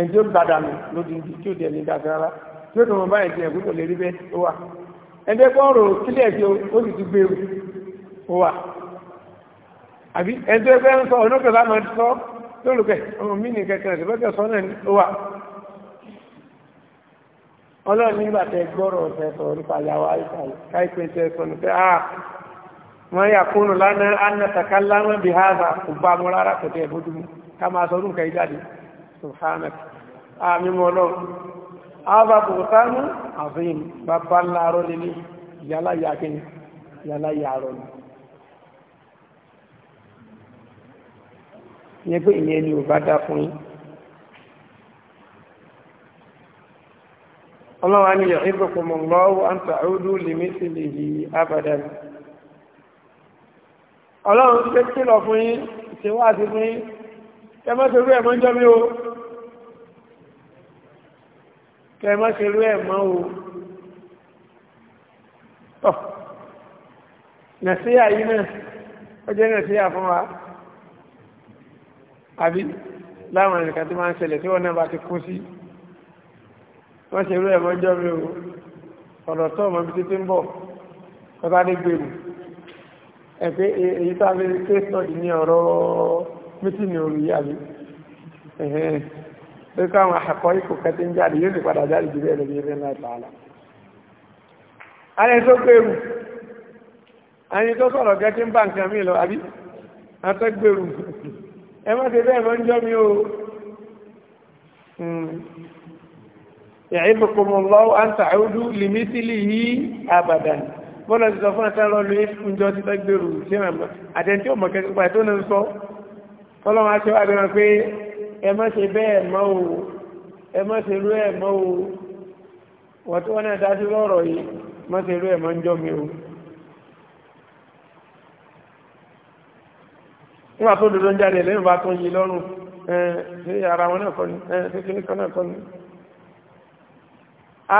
ẹ̀jọ́ gbàdànù lódìdí tí ó dẹ̀ ní dàgbára tí ó tó mọ ẹgbẹ́ pọ́ọ̀rọ̀ kílẹ̀ tí ó gbèrú wà àbí ẹjọ́ ẹgbẹ́ ń sọ ọ̀nà kẹta máa sọ lórúkẹ ọmọ mi ní kẹkẹ rẹ̀ lọ́kẹ sọ náà ó wà ọlọ́run nígbà tẹ gbọ́rọ̀ ọ̀sẹ̀ sọ nípa yàwó àìsàn káìpẹ́ tẹ sọ ní pé ah wọ́n yà kúrò lánàá lánàá bí háza kò bá rárá kò tẹ bójú mu ká máa sọ jáde ah àbá bùkánú àfihàn bàbá ńlá arọ́ lélẹ̀ ìyálà ìyá kìíní ìyálà ìyá arọ́ ni. ìyẹn pé ìyẹn ni ò bá dá fún yín. ọlọ́run á ní yuhibbukum Allahu an ta'udu li mithlihi abadan ọlọ́run pé kí lọ fún yín ṣe wá sí fún yín ẹ mọ́ torí ẹ̀ mọ́ ń jọ́ mi o kẹ má ṣe rú ẹ̀ mọ́ o tọ́ nàṣíyà yìí náà ó jẹ́ nàṣíyà fún wa àbí láwọn ẹ̀nìkan tí máa ń ṣẹlẹ̀ tí wọ́n náà bá ti kú sí wọ́n ṣe rú ẹ̀ mọ́jọ́ mi o ọ̀rọ̀ tó ọmọ ibi tí ń bọ̀ ọba dé gbèrú ẹ̀ e, èyí tá a fi ní ọ̀rọ̀ mítìnì òru yìí àbí lókọ́ àwọn àkọ́ ikú kẹtí ń jáde yóò sì padà jáde jù bẹ́ẹ̀ lórí ẹgbẹ́ náà tààlà alẹ́ tó gbèrú ẹni tó sọ̀rọ̀ gẹ́tí ń bá nǹkan mi lọ àbí atẹ́ gbèrú ẹ má ṣe bẹ́ẹ̀ mọ́ ń jọ́ mi o hmm. ya'idukum Allahu an ta'udu limithlihi abadan bọ́lá ti sọ fún ẹ̀ta lọ́lú ìjọ ẹ ṣe bẹ́ẹ̀ mọ́ o ẹ ṣe rú ẹ̀ o wọ́n tí wọ́n náà dájú lọ́rọ̀ yìí má ṣe rú ń jọ mi o tó ń jáde lẹ́yìn bá tó yí lọ́rùn ara wọn náà kọ́ ni kan náà kọ́ ni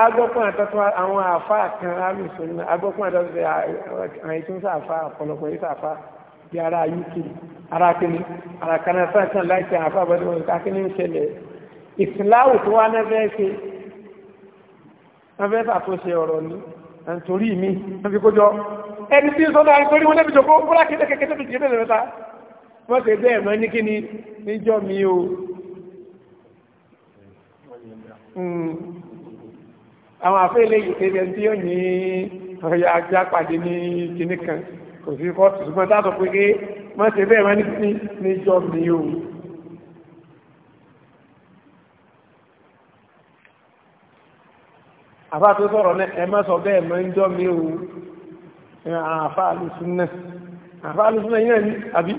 agbọ́pọ̀ àtọ́tọ́ àwọn àfáà kan alùsùn agbọ́pọ̀ àtọ́tọ́ bí ara uk ara kìíní ara kan náà sáà kan láìsí àwọn afábọ́dé wọn ká kí ní ń ṣẹlẹ̀ ìsìláwù tó wá náà fẹ́ ṣe wọ́n fẹ́ ṣàtúnṣe ọ̀rọ̀ ní nítorí mi wọ́n fi kójọ ẹni tí ń sọ́dọ̀ àìkórí wọn lẹ́bi jòkó kúrò àkéde kékeré tó ti jẹ́ bẹ̀rẹ̀ mẹ́ta wọ́n ṣe bẹ́ẹ̀ mọ́ ní kíni níjọ́ mi o hmm. àwọn àfẹ́ ilé ìṣẹ́bẹ̀ tí ó ní ọ̀yà ajá pàdé ní kíní kan kò sí kọ́ọ̀tù ṣùgbọ́n tátọ̀ pé ké má ṣe bẹ́ẹ̀ má ní sí níjọ́ mi o àfa tó sọ̀rọ̀ náà ẹ má sọ bẹ́ẹ̀ má ń jọ́ mi o àfa àlùsùn náà àfa àlùsùn náà yẹn ní àbí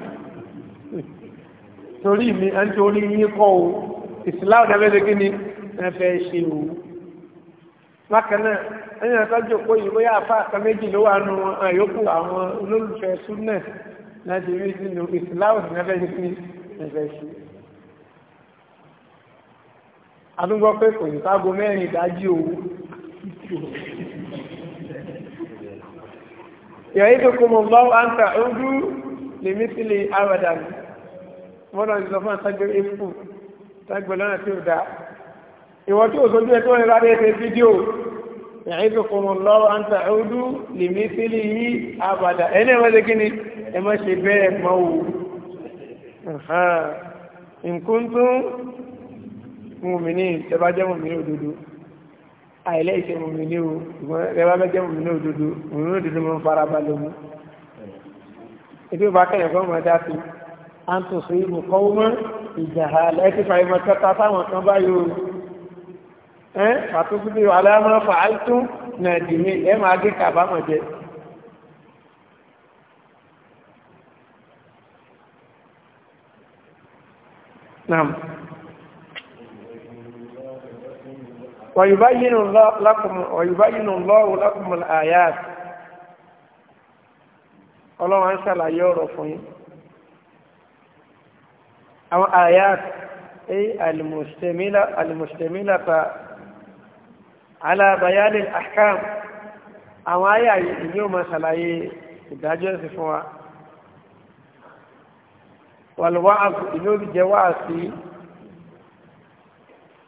torí mi a ń tí orí yí kọ́ o ìsìláwọ̀ dábẹ́lẹ́ kí ni ẹ fẹ́ ṣe o bákan náà ẹni àtọ́jú òpó yìí bóyá àfa àka méjì ló wà nù wọn àyókù àwọn olólùfẹ́ súnà láti rí sínú ìsìláwò sí nẹ́fẹ́ sí nẹ́fẹ́ sí. adúgbò pé kò ní ságo mẹ́rin ìdájí òwú. yàrá ìdókò mọ̀ bá ń ta ojú lèmi sílẹ̀ àwàdàn mọ́nà ìsọfún àtàgbẹ́ èkó tàgbẹ́ lọ́nà tí ó dáa ìwọ́n tí ò sójú ẹ tó ń rárá ẹ fídíò ya'idukumullahu an ta'udu limithlihi abada ẹni ẹ̀ mọ́tẹ́ kíni ẹ má ṣe bẹ́ẹ̀ mọ́ o in kuntum mu'minin tẹ́bá jẹ́ mùmìnì òdodo àìlẹ́ ìṣe mùmìnì o tẹ́bá jẹ́ mùmìnì òdodo mùmìnì òdodo mọ́ farabalẹ̀ mu ètò ìbá kẹ́yìn fún ọmọdé àti àǹtòsí ìbùkọ́ ọmọ ìjà àlẹ́ ti fàyè mọ́ tọ́ta táwọn kan báyìí o ẹ́ àtúntúndì aláàmọ́ fàáltún náà dì mí ẹ máa gé kàbámọ̀ jẹ. Nam. ويبين الله لكم ويبين الآيات ọlọ́run ń ṣàlàyé ọ̀rọ̀ fún yín àwọn ayat ẹ alìmùsùtẹ̀mílà ta ala bayani ahkam àwọn ayé àyè ìní ò máa ṣàlàyé ìdájọ́ ẹ̀sìn fún wa wàlúwà àkù ìní òbí jẹ́ wá sí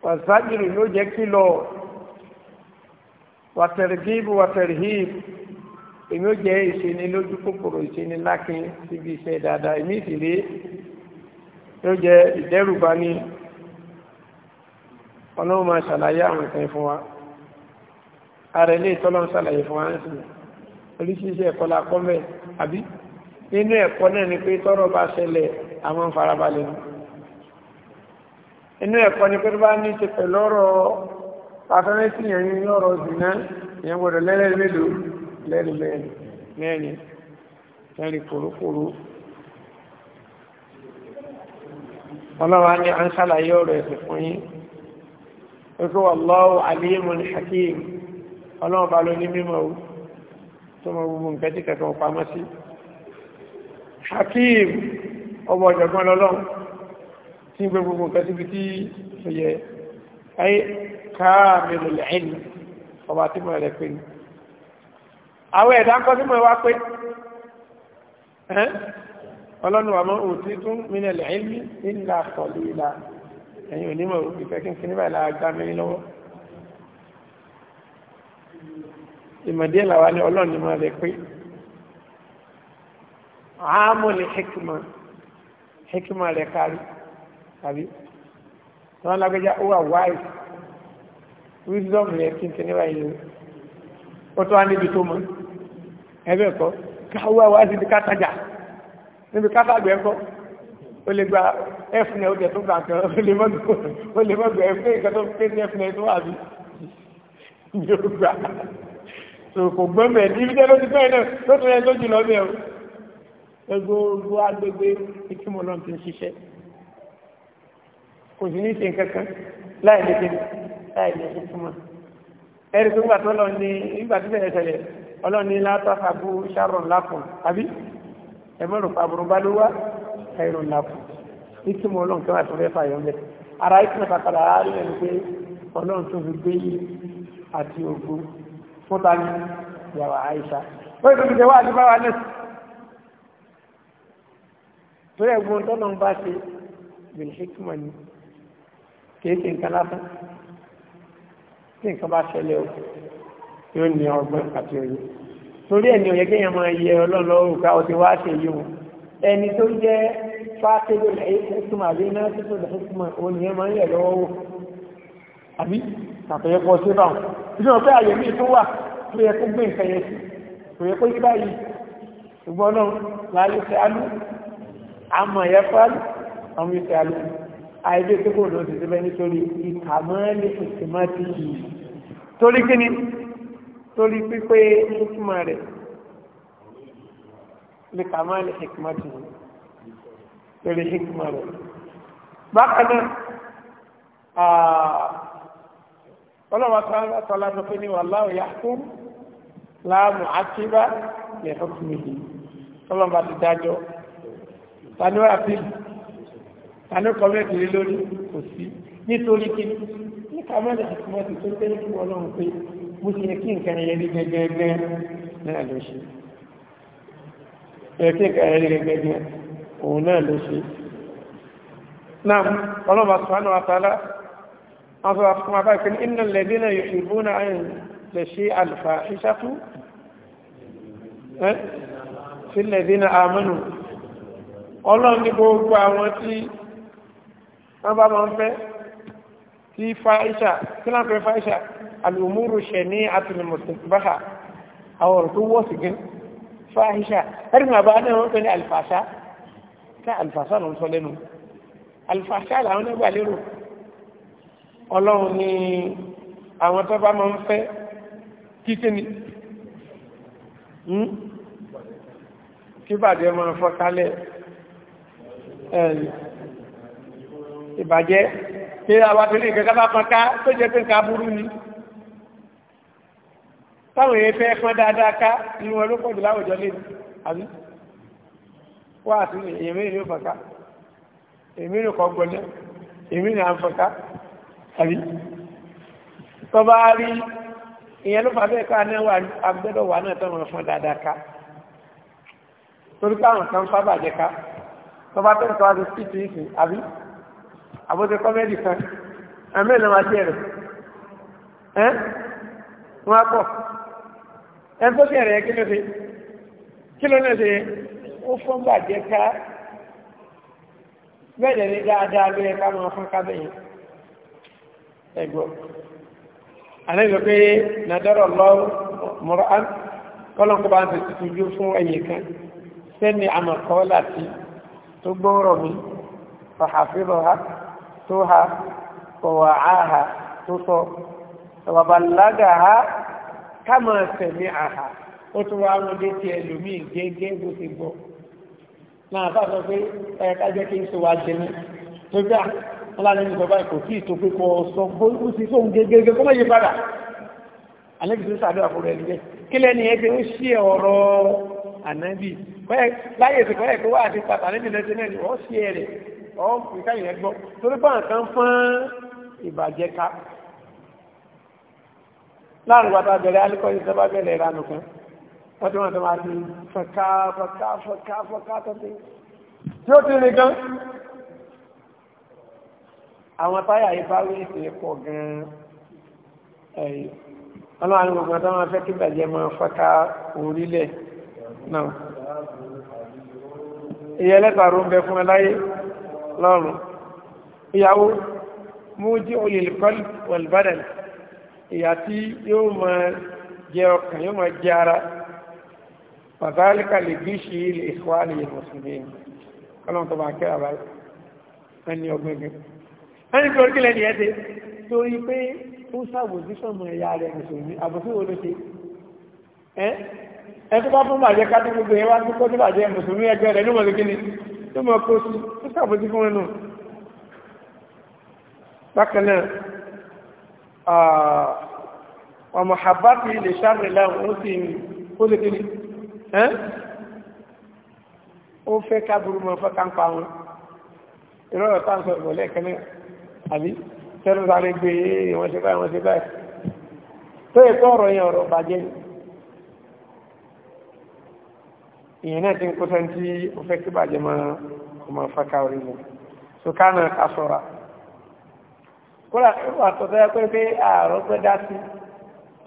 wàsájìrì ló jẹ́ kílọ̀ wàtẹ̀rìbíbù wàtẹ̀rìhíbù èmi ó jẹ́ ìṣeni lójú kòkòrò ìṣeni lákin síbi iṣẹ́ dáadáa èmi ìṣèlé yóò jẹ́ ìdẹ́rùbani ọlọ́run máa ṣàlàyé àwọn ìtàn fún wa ààrẹ ilé ìtọ́lọ́n sàlàyé fún wọn sí oríṣiríṣi ẹ̀kọ́ la kọ́ mẹ́ àbí nínú ẹ̀kọ́ náà ni pé tọ́rọ̀ bá ṣẹlẹ̀ àwọn ń farabalẹ̀ nù inú ẹ̀kọ́ ni pé tó bá ní ṣe pẹ̀lú ọ̀rọ̀ pàfẹ́mẹ́sì yẹn ní ọ̀rọ̀ zìnà lọ́wọ́ àlíyé mọ́ni hakeem ọlọ́run bá ló ní mímọ̀ o tó mọ gbogbo nǹkan tí kẹ̀kọ́ pamọ́ sí hakim ọmọ ọ̀jọ̀gbọ́n lọ́lọ́run tí ń gbé gbogbo nǹkan síbi tí ó yẹ ayé káàmìlò lẹ́yìn ọba tí mo rẹ̀ pé ni àwọn ẹ̀dá ń kọ́ sí mo wá pé ọlọ́run wà mọ́ òtí tún mílẹ̀ lẹ́yìn ní ìlà àkọlù ìlà ẹ̀yìn onímọ̀ ìmọ̀dé làwa ní ọlọ́ọ̀ni máa lè pé àámọ̀ ní hikima hikima rẹ̀ kárí tàbí wọn lágbẹ́já ó wà wáìsì wisdom rẹ̀ kí n tẹ́lẹ̀ báyìí ó tó wá níbi tó mọ́ ẹgbẹ́ ẹ̀kọ́ káwọ́ wá sí ibi níbi kátàgbẹ́ ẹ̀kọ́ ó lè gba f náà ó jẹ tó gbà kan ó lè mọ́gbẹ́ f náà ìkàtọ́ pé f náà tó wà bí yóò gbà kò gbẹ́mẹ̀ ní ibi tẹ́lọ́ ti fẹ́ náà tó tún yẹ tó jù lọ bẹ́ẹ̀ o gbogbo agbègbè ìtumọ̀ náà ti ń ṣiṣẹ́ kò sí ní ṣe kankan láì lè tẹ́lẹ̀ láì lè ṣe túmọ̀ ẹ̀rí tó gbà tó lọ ní ìgbà tó bẹ̀rẹ̀ ṣẹlẹ̀ ọlọ́ni látọ́ àbú sharon lápùn àbí ẹ̀mọ́rùn pàbùrùn bá ló wá ẹ̀rùn lápùn ìtumọ̀ ọlọ́run tó wà tó fẹ́ fàyọ̀ mẹ́ ara ìtumọ̀ pàpàdà rárẹ̀ pé ọlọ́run tó fi gbé yìí àti ogun fún ta ní ìyàwó àìsà wọ́n ìtòkì tẹ wá àdúbáwá náà torí ẹ̀gbọ́n tọ́nà ń bá ṣe bìlìṣíkìmọ̀ ni kìí ṣe nǹkan lásán tí nǹkan bá ṣẹlẹ̀ o yóò ní ọgbọ́n àti òye torí ẹ̀ ní òye kéèyàn máa yẹ ọlọ́run lọ́wọ́ ká o ti wá ṣe yìí o ẹni tó jẹ́ fásitì lẹ́yìn fún ìtumọ̀ àbí náà tó tó lẹ́yìn àbí tàtọ̀yẹ́pọ̀ sí náà ìjọba pé àyè míì tó wà tó yẹ kó gbé nǹkan yẹn sí kò yẹ kó yí báyìí ṣùgbọ́n náà láyé ṣe alú àmọ̀ ẹ̀yẹ fáálù àwọn ìṣe alú àìdé tó kò lọ síbi bẹ́ẹ̀ nítorí ìkàmọ́lẹ̀ ìsìmọ́tì torí kíni torí ọlọ́wọ́ tọ́lá tó pé ní wallahu yahkum la mu'aqiba li hukmihi ọlọ́wọ́ ti dájọ́ tani wà fi tani kọ́mẹ́tì rí lórí kò sí nítorí kí ní kàmẹ́lì àtìmọ́tì tó pé fún ọlọ́run pé bó ti yẹ kí nǹkan ẹ̀yẹ rí gẹ́gẹ́gẹ́ náà ló ṣe ẹ̀kí nǹkan ẹ̀yẹ rí gẹ́gẹ́gẹ́ òun náà ló ṣe náà ọlọ́wọ́ sọ́nà wa أصبح كما قال إن الذين يحبون أن تشيء الفاحشة في الذين آمنوا ọlọ́run ní gbogbo àwọn tí wọ́n bá máa ń fẹ́ tí fáìṣà tí láń fẹ́ fáìṣà alùmúrù ṣẹ̀ ní àtìlẹ̀mọ̀sìnbáhà ọlọ́run ní àwọn tó bá máa ń fẹ́ kíkí ni hmm? kí bàjẹ́ máa fọ́kálẹ̀ ẹ̀rì ìbàjẹ́ pé àwàtílé ìkẹ́kẹ́ bá fọ́ká tó jẹ́ pé nǹkan burú ni táwọn èèyàn fẹ́ pọ́n dáadáa ká ní wọn ló pọ̀ jù láwùjọ lè àbí wá àti èèyàn mẹ́rin ló fọ́ká èèyàn mẹ́rin kọ́ gbọ́lẹ́ èèyàn mẹ́rin fọ́ká àbí tó bá rí ìyẹn ló fàbẹ́ ká náà wà agbẹ́dọ̀ wà náà tọ́mọ̀ fún dáadáa ká torí káwọn kan sábà jẹ ká tó bá tẹ́lẹ̀ tó wá sí títí ìsìn àbí àbójẹ kọ́mẹ́dì kan àmì ìlànà àti ẹ̀rẹ̀ ẹ́ wọ́n á pọ̀ ẹ tó ṣe ẹ̀rẹ̀ kí ló ṣe kí ló náà ṣe ó fún bàjẹ́ ká bẹ́ẹ̀ ni dáadáa ló yẹ ká máa fún kábẹ́yìn ẹgbọ́ anáyọ̀ pé na lọ mọ̀rọ̀ án kọ́lọ́nkọ́ bá ń fi tuntun fún ẹ̀yìn kan sẹ́ni àmọ̀kọ́ láti tó gbọ́rọ̀ mi fàhàfíìrọ̀ ha tó ha kọ̀wà áhà tó sọ ha Kama ọlọ́run ìjọba kò tí ì tó pé kọ sọ gbóòkú sí fóun gẹ́gẹ́gẹ́ kó mọ̀yé padà ànábì tó sàdúrà fún rẹ̀ níbẹ̀ kí lẹ́ni ẹ pé ó ṣí ọ̀rọ̀ ànábì láyé ìsìnkú ẹ̀ kó wà àti pàtà níbi lẹ́sẹ̀ náà ni wọ́n ṣí ẹ rẹ̀ ọ́n ìka yẹn gbọ́ torí pé nǹkan fún ìbàjẹ́ ká láàrin wàtá bẹ̀rẹ̀ alikọ́ yìí sábà bẹ̀rẹ̀ ìranù kan wọ́n ti wọ́n ti máa ti fọ̀ká fọ̀ká fọ̀ká fọ̀ká tó ti tí ó ti rìn gan àwọn táyà yìí bá wíìsì pọ̀ gan-an ẹ̀yìn ọlọ́run àwọn gbogbo ọ̀tọ́ wọn fẹ́ kí bàjẹ́ mọ́ fọ́ká orílẹ̀ náà ìyẹ́ ẹlẹ́tàrún bẹ fún ẹláyé lọ́rùn ìyàwó mú jí olèlùkọ́lù wọ̀lùbádàn ìyà tí yóò mọ jẹ ọkàn yóò mọ jẹ ara pàtàkì lè bí ṣe ilé ìkọ́ àlèyé mùsùlùmí ẹni pé orílẹ̀ ni ẹ́ ti torí pé ó sàbòsí sọ̀mù ẹ̀yà rẹ̀ mùsùlùmí àbòsí wo ló ṣe ẹ tó bá fún bàjẹ́ kátó gbogbo ẹ wá tó kó tó bàjẹ́ mùsùlùmí ẹgbẹ́ rẹ̀ ní mọ̀lẹ́ kíni tó mọ̀ kó sí ó sàbòsí fún ẹnu bákan náà ọmọ àbáfi lè sáré láwọn ó sì ó lè kíni ó fẹ́ ká burú mọ́ fẹ́ ká ń pa wọn ìrọ̀rọ̀ táǹsọ̀ ìbọ̀lẹ́ kẹ́lẹ́ àbí tẹ́lú sáré gbé wọ́n ṣe báyìí wọ́n ṣe báyìí tó yẹ kọ́ọ̀rọ̀ yẹn ọ̀rọ̀ bàjẹ́ ìyẹn náà ti ń kó sẹ́ńtì ó fẹ́ kí bàjẹ́ máa ọmọ fáká orí mu so ká náà ká sọ́ra kódà ìwà tó tẹ́ pé pé ààrọ̀ pé dá sí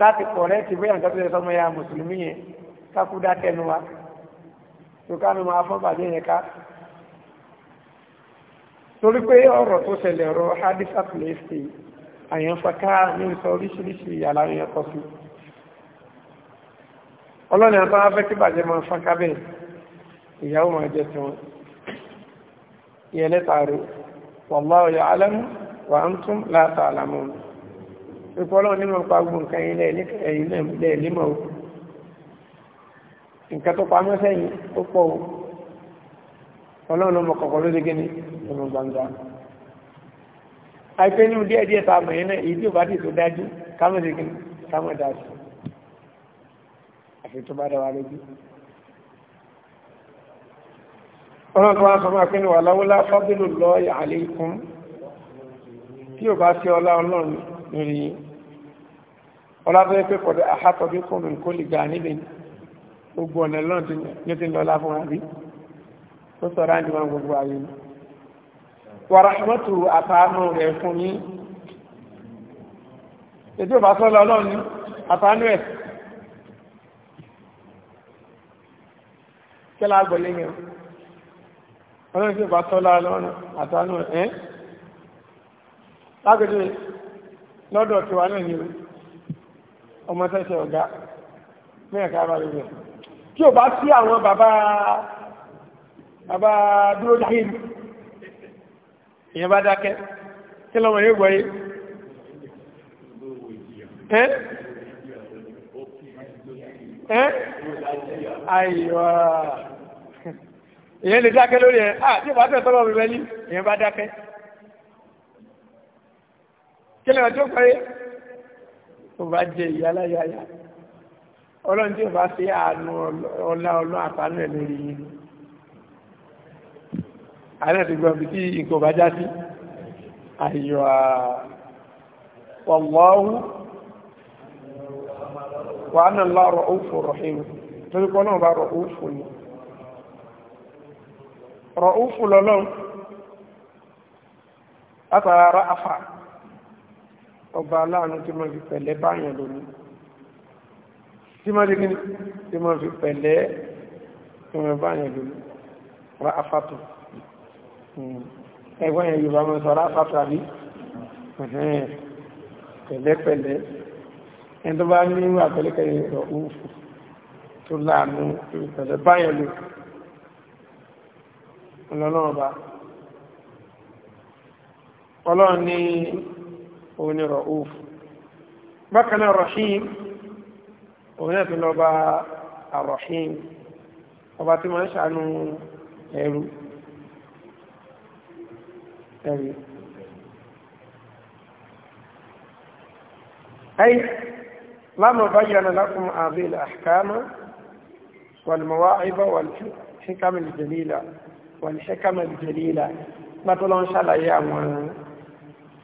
láti kọ̀rẹ́ ti bóyá nǹkan so ká náà máa fọ́n bàjẹ́ torí pé ọ̀rọ̀ tó ṣẹlẹ̀ ọ̀rọ̀ hadith atleti àyànfàká ní ìsọ oríṣiríṣi àlàyé ẹ̀kọ́ sí ọlọ́ni àtọ́ afẹ́ tí bàjẹ́ máa fánká bẹ́ẹ̀ ìyàwó máa jẹ́ tí wọ́n yẹ lẹ́tàrí wallahu ya'lamu wa antum la ta'lamun ipò ọlọ́run nínú ọ̀pá gbogbo nǹkan ilẹ̀ ilẹ̀ nímọ̀ o nǹkan tó pamọ́ sẹ́yìn ó pọ̀ o ọlọ́run ọmọ kọ̀ọ̀kan ló dé gẹ́ni nínú gbangba àìpé ní díẹ̀ díẹ̀ tá a mọ̀ yẹn náà èyí tí ò bá dì tó dájú kámẹ́sì kí kámẹ́ dá sí àfi tó bá dá wa lójú ọlọ́run tó wá sọ máa pé ní wà láwọ́lá fábílù lọ àlè ikún tí ò bá sí ọlá ọlọ́run lórí ọlá tó yẹ pé kọ̀dọ̀ àhátọ́ bí ó sọ̀rọ̀ àjùmọ̀ gbogbo ayé wàràhàmọ́tù àtàánú rẹ̀ fún yín ètò ìbásọ́lọ ọlọ́run ní àtàánú ẹ̀ kẹ́lá àgbọ̀lé yẹn ọlọ́run sí ìbásọ́lọ ọlọ́run àtàánú ẹ̀ lágbèdè lọ́dọ̀ tí wà náà ní ọmọ tẹ́sẹ̀ ọ̀gá mẹ́ẹ̀ká bá dúró dáhìí ìyẹn bá dákẹ́ kí lọ́mọ yóò gbọ́ yé ẹ́ ẹ́ àyíwá ìyẹn lè dákẹ́ lórí ẹ̀ ah tí ìbá tẹ̀ tọ́lọ́ mi bẹ́ẹ̀ ní ìyẹn bá dákẹ́ kí lọ́mọ tó gbọ́ yé ó bá jẹ ìyá láyàyà ọlọ́run bá fi àánú ọlá ọlọ́ àtàánú ẹ̀ yìí àrẹ́dẹ̀gbọ́n bí tí nǹkan bá já sí àyíwá wallahu wa anna Allah ra'ufur rahim torí kọ́ náà bá ra'ufu ni ra'ufu lọ́lọ́run látara ra'afa ọba aláàánú tí mo fi pẹ̀lẹ́ báyàn lónìí tí mo fi pẹ̀lẹ́ tí mo fi báyàn lónìí ẹgbọ́n yẹn yorùbá mọ́ sọ́rọ́ àpapọ̀ àbí pẹ̀lẹ́pẹ̀lẹ́ ẹni tó bá ní ìwà pẹ̀lẹ́kẹ̀lẹ́ rọ̀ òfò tó láàánú pẹ̀lẹ́ báyẹn lò ọlọ́lọ́ọ̀bá ọlọ́ọ̀ ní onírọ̀ òfò bákanáà rọ̀ṣíìm òun náà tó lọ́ba àrọ̀ṣíìm ọba tí wọ́n ń ṣàánú ẹrú ẹ̀rí أي لما بين لكم هذه الأحكام والمواعظ والحكم الجليلة والحكم الجليلة ما تلون شلعي àwọn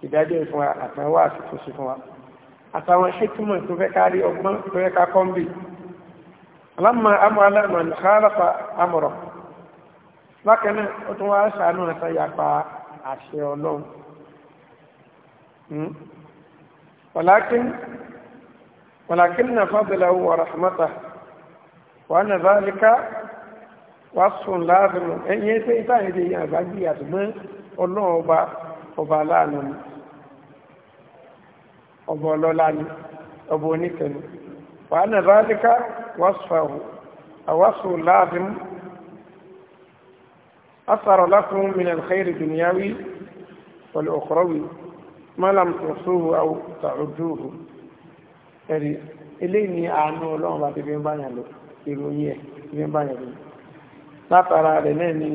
ìdájọ́ ìfún wa àtàwọn wá àsìkò sí fún wa àtàwọn ṣíkímọ̀ tó fẹ́ kárí ọgbọ́n tó fẹ́ ká kọ́mbì alamma amọ̀lá mọ̀ ní kálàfà amọ̀rọ̀ bákanáà àṣẹ ọlọ́run hmm? wàlákín na fadìlà wà rahmata wà nà zálika wà sùn láàrin ẹ̀yìn ẹsẹ̀ ìtàyẹ̀ dé yàn bá ọlọ́run ọba ọba aláàánú ọba ọlọ́lá ọba oníkẹ̀ni wà wà láàrin أثر لكم من الخير الدنيوي والأخروي ما لم تحصوه أو تعدوه ẹ̀rí eléyìí ni àánú ọlọ́run bá ti fi ń bá yàn lò ìròyìn ẹ̀ ti fi ń bá yàn lò látara rẹ̀ náà ni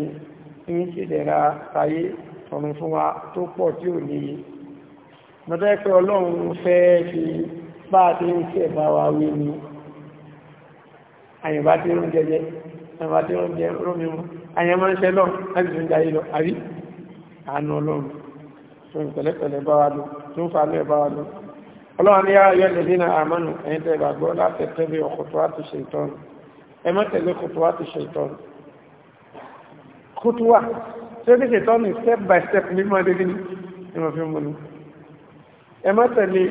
ń ṣèdẹ̀ra ayé ọ̀run fún wa tó pọ̀ tí ò níye mọ́tọ́ pé ọlọ́run fẹ́ fi bá a ti ń ṣẹ̀bá wa wí ni àyìnbá ti ń jẹjẹ́ ẹ̀fà tí wọ́n jẹ rómi mú àyẹ̀ máa ń ṣe lọ láti tún jayé lọ àrí àánú ọlọ́run tó ń pẹ̀lẹ́pẹ̀lẹ́ bá wa lò tó ń fanú ẹ̀ bá wa lò ọlọ́run ní step by step ní mọ́ dédé ni ẹ má tẹ̀lé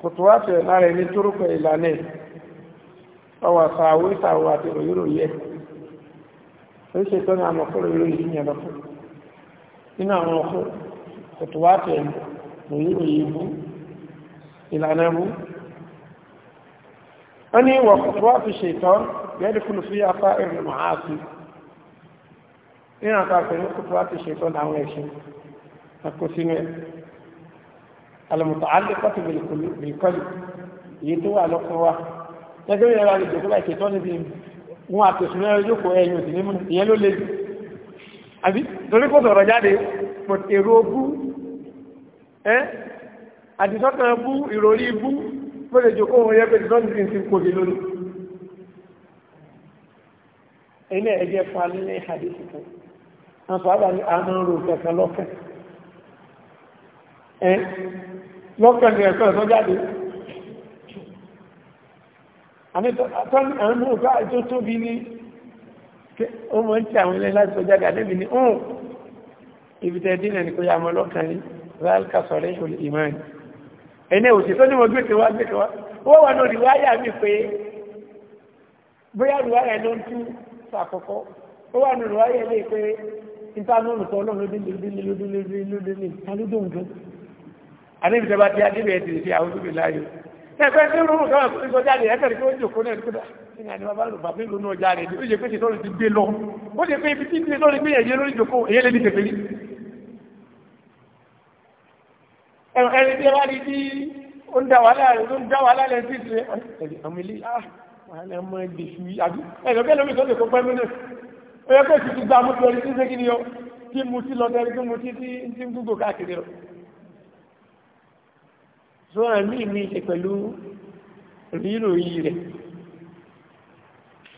kùtù àti ẹ̀ lára ẹni tó rúkọ ìlànà ọwọ́ sàwọ́ ìsàwọ́ oríṣi tó ní àmọ̀kúrò ìlú yìí ní ẹ̀lọ́kù nínú àwọn ọkọ̀ òtù wá tẹ̀ òyí òyí ibú ìlànà ẹbú wọ́n ní ìwọ̀ òtù wá fi ṣètọ́ yẹ́dì fúlùfí afá ìrìn màá sí nínú àkàkọ̀ ní òtù wá wọn àtòsùn ẹ̀rọ jókòó ẹ̀yìn òsì nímú ìyẹn ló lè jù àbí torí kò sọ̀rọ̀ jáde èrò bú ẹ́ àdìsọ́kàn bú ìròrí bú ló lè jókòó wọn yẹ pé ìsọ́nù ti ń sin kò sí lónìí ẹni ẹ̀jẹ̀ fún alẹ́ ní ìhàdísì fún wọn àwọn ọ̀gá tó tóbi ní ọmọ ń tí àwọn ilé láti sọ jáde àdébì ní ọ̀hún ibi tẹ́ dínà ní kó yá ọmọ ọlọ́kàn ní ráàlùkà sọ̀rọ̀ ìṣòlì ìmáàni ẹni òsì tó ní mo gbé tiwa gbé tiwa ó wà lórí wáyà mi pé bóyá olùwáyà ló ń tú sàkọ́kọ́ ó wà lórí wáyà lè pé níta ní olùkọ́ ọlọ́run dídílídílídílídílídílí ta ló dóhùn gan. àdébìtẹ́ bá ti adébẹ̀ẹ́ ti ṣe àwọn olùbẹ̀láyò ẹgbẹ́ tí rúrù kan àti ìgbọ́ jáde ẹ̀kẹ́ rí pé ó jòkó náà nígbà ní àní bàbá lò bàbá ìlú náà jáde ó jẹ pé ṣe lórí ti gbé lọ ó jẹ pé ibi tí ṣe lórí gbé ẹ̀yẹ lórí jòkó ẹ̀yẹ lè ní kẹfẹ́ rí. ẹni tí wàá rí bí ó ń dá wàhálà rẹ ló ń dá wàhálà rẹ sí ìṣe ah, àwọn ilé ah, wàhálà ọmọ ẹgbẹ́ fi àbí ẹ̀rọ kẹ́lẹ́ mi tó lè kó pẹ́ mí náà ó yẹ tó àmì ní ṣe pẹ̀lú ríro yìí rẹ̀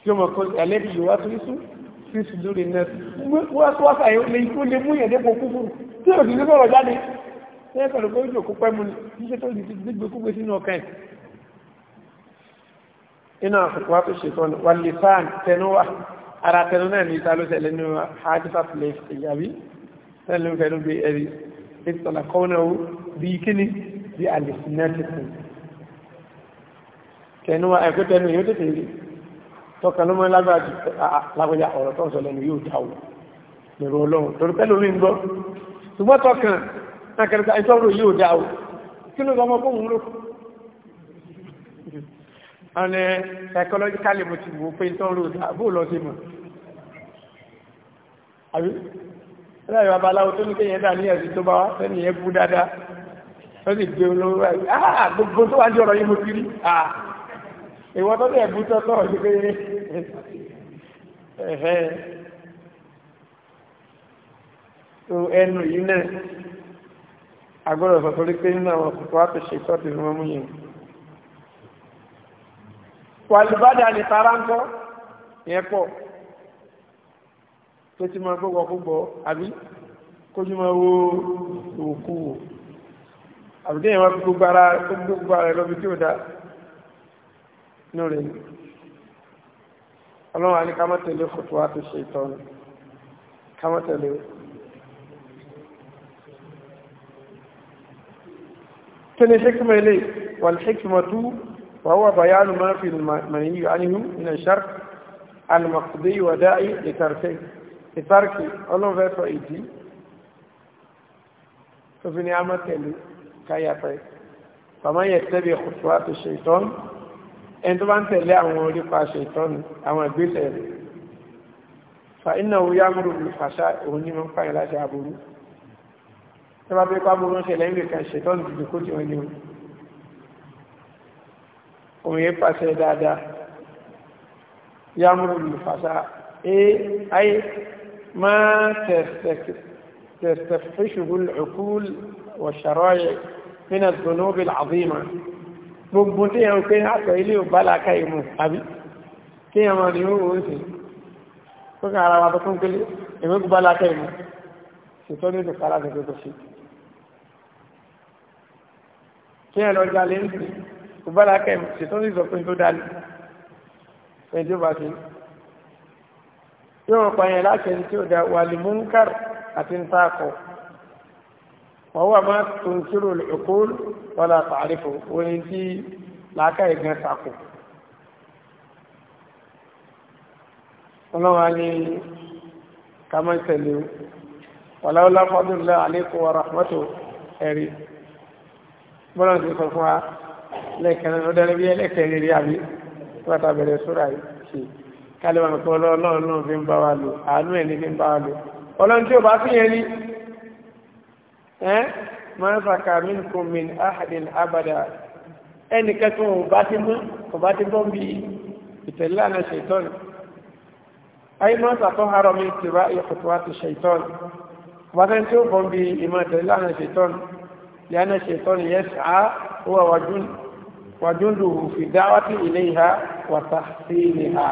tí ó mọ̀ kọ́ àlẹ́bí ìwá tó sún sí ìsìndúrí náà wọ́n tó wáṣà yóò lè ikú lè mú ìyẹ̀dẹ́gbò kúkúrú tí ò sì ní sọ̀rọ̀ jáde ṣe pẹ̀lú pé ojú òkú pẹ́mú ní ṣe tó lè ti gbígbé kúgbé sínú ọkàn iná àsìkò wá tó ṣètọ́ wà lè kọ́nà bí kíní bí alìsínẹ́tìkù tẹnu wa ẹ̀kọ́ tẹnu yóò tètè rí tọkàn ló mọ́ lágbàájú lágbàájá ọ̀rọ̀ tó ń sọ lẹ́nu yóò dáwọ̀ lèrò ọlọ́run torí pẹ́lú orí ń gbọ́ ṣùgbọ́n tọkàn akẹrẹta ìtọ́rọ yóò dáwọ̀ kí ló gbọmọ fún òun ló ọ̀nà psychologically mo ti wò pé ìtọ́rọ bó lọ sí mọ̀ àbí ẹ̀rọ babaláwo tó ní kéyẹn dà ní ẹ̀sìn tó bá wá sẹ́ni yẹn bú ó sì gbé olówó báyìí áà ah, gbogbo tó wá ní ọ̀rọ̀ yìí mo ti rí à ah, ìwọ tó dẹ̀ bú tọ́tọ́ ní pé ẹ̀hẹ́ tó ẹnu yìí náà agbọ́dọ̀ sọ torí pé nínú àwọn òkùnkùn wá tó ṣe tọ́tù ní wọ́n mú yẹn wàlúbádà ní tarántọ́ yẹn pọ̀ tó ti máa gbọ́gbọ́ àbí kójú máa wo òkú àbùdé yẹn wọ́n fi gbogbo ara tó gbogbo ara ẹ̀ lọ́bi tí ó da inú rẹ̀ ni ọlọ́run àní ká tẹ̀lé kòtò wá ti ṣe ìtọ́nu ká má tẹ̀lé kí ni hikima ilé wal hikimatu وهو بيان ما في المنهي عنه من الشرك المقضي وداعي لتركه لتركه الله فيتو ايدي ففي نعمة káyà pẹ́ fàmáyẹ̀ tẹ́bí ọ̀tọ́wà tó ṣe ìtọ́nù ẹni tó bá ń tẹ̀lé àwọn orípa ṣe ìtọ́nù àwọn ìgbésẹ̀ rẹ̀ fa iná orí amúrò fàṣà òun ní wọ́n pààyàn láti aburú tó bá pé pàbùrú ń ṣẹlẹ̀ ń lè kan ṣe ìtọ́nù dìde kó tí wọ́n ní òun yẹ pàṣẹ dáadáa yámúrò fàṣà ayé máa tẹ̀sẹ̀ fíṣùgbọ́n ọkùnrin wọ̀ṣàrọ́yẹ nínú zunubi àbímọ̀ gbogbo tí yẹn pé àtọ̀ ilé ò bálá ká ìmú àbí kí yẹn mọ̀ ní owó ń sè tó kà ara wa tó kún pélé èmi kú bálá ká ìmú ṣètò ní ìdùkárà tó tó ṣe kí yẹn lọ jalè ń sè kú bálá ká ìmú ṣètò ní ìdùkún tó dálé ẹni tó bá ṣe yóò pààyàn láti ẹni tí ó da wàlìmúnkàr àti ń sáàkọ̀ọ́ wọ́n wà máa tún sírò ìkóòl wọ́lá tààrífò orin tí láàkà ìgbẹ́ sàkò ọlọ́wà ní kàmọ́sẹ̀lẹ̀ wọ́láwọ́lá fọ́dúnlá àlékò wà ràhmọ́tò ẹ̀rí bọ́lá ti sọ fún wa lẹ́ẹ̀kẹ́rin ó dẹ́rẹ́ bí ẹlẹ́kẹ́rin rí àbí pátá bẹ̀rẹ̀ sóra yìí kálíwà nǹkan ọlọ́ọ̀lọ́ọ̀lọ́ fi ń bá wa lò àánú ẹ̀ ní fi ń bá wa lò ọlọ́run ẹ́ máa fàkà minkum min ahadin abada ẹnìkan tó ò bá ti mú ò bá ti bọ́ bí ìtẹ̀lé àná ṣètọ́nù ayé máa sàtọ́ harọ mi ti bá ìkùtù wá ti ṣètọ́nù ò bá tẹ́ni tí ó bọ́ bí ìmọ̀ ìtẹ̀lé àná fi dáwátì ilé ìhà wàtà sí ilé ìhà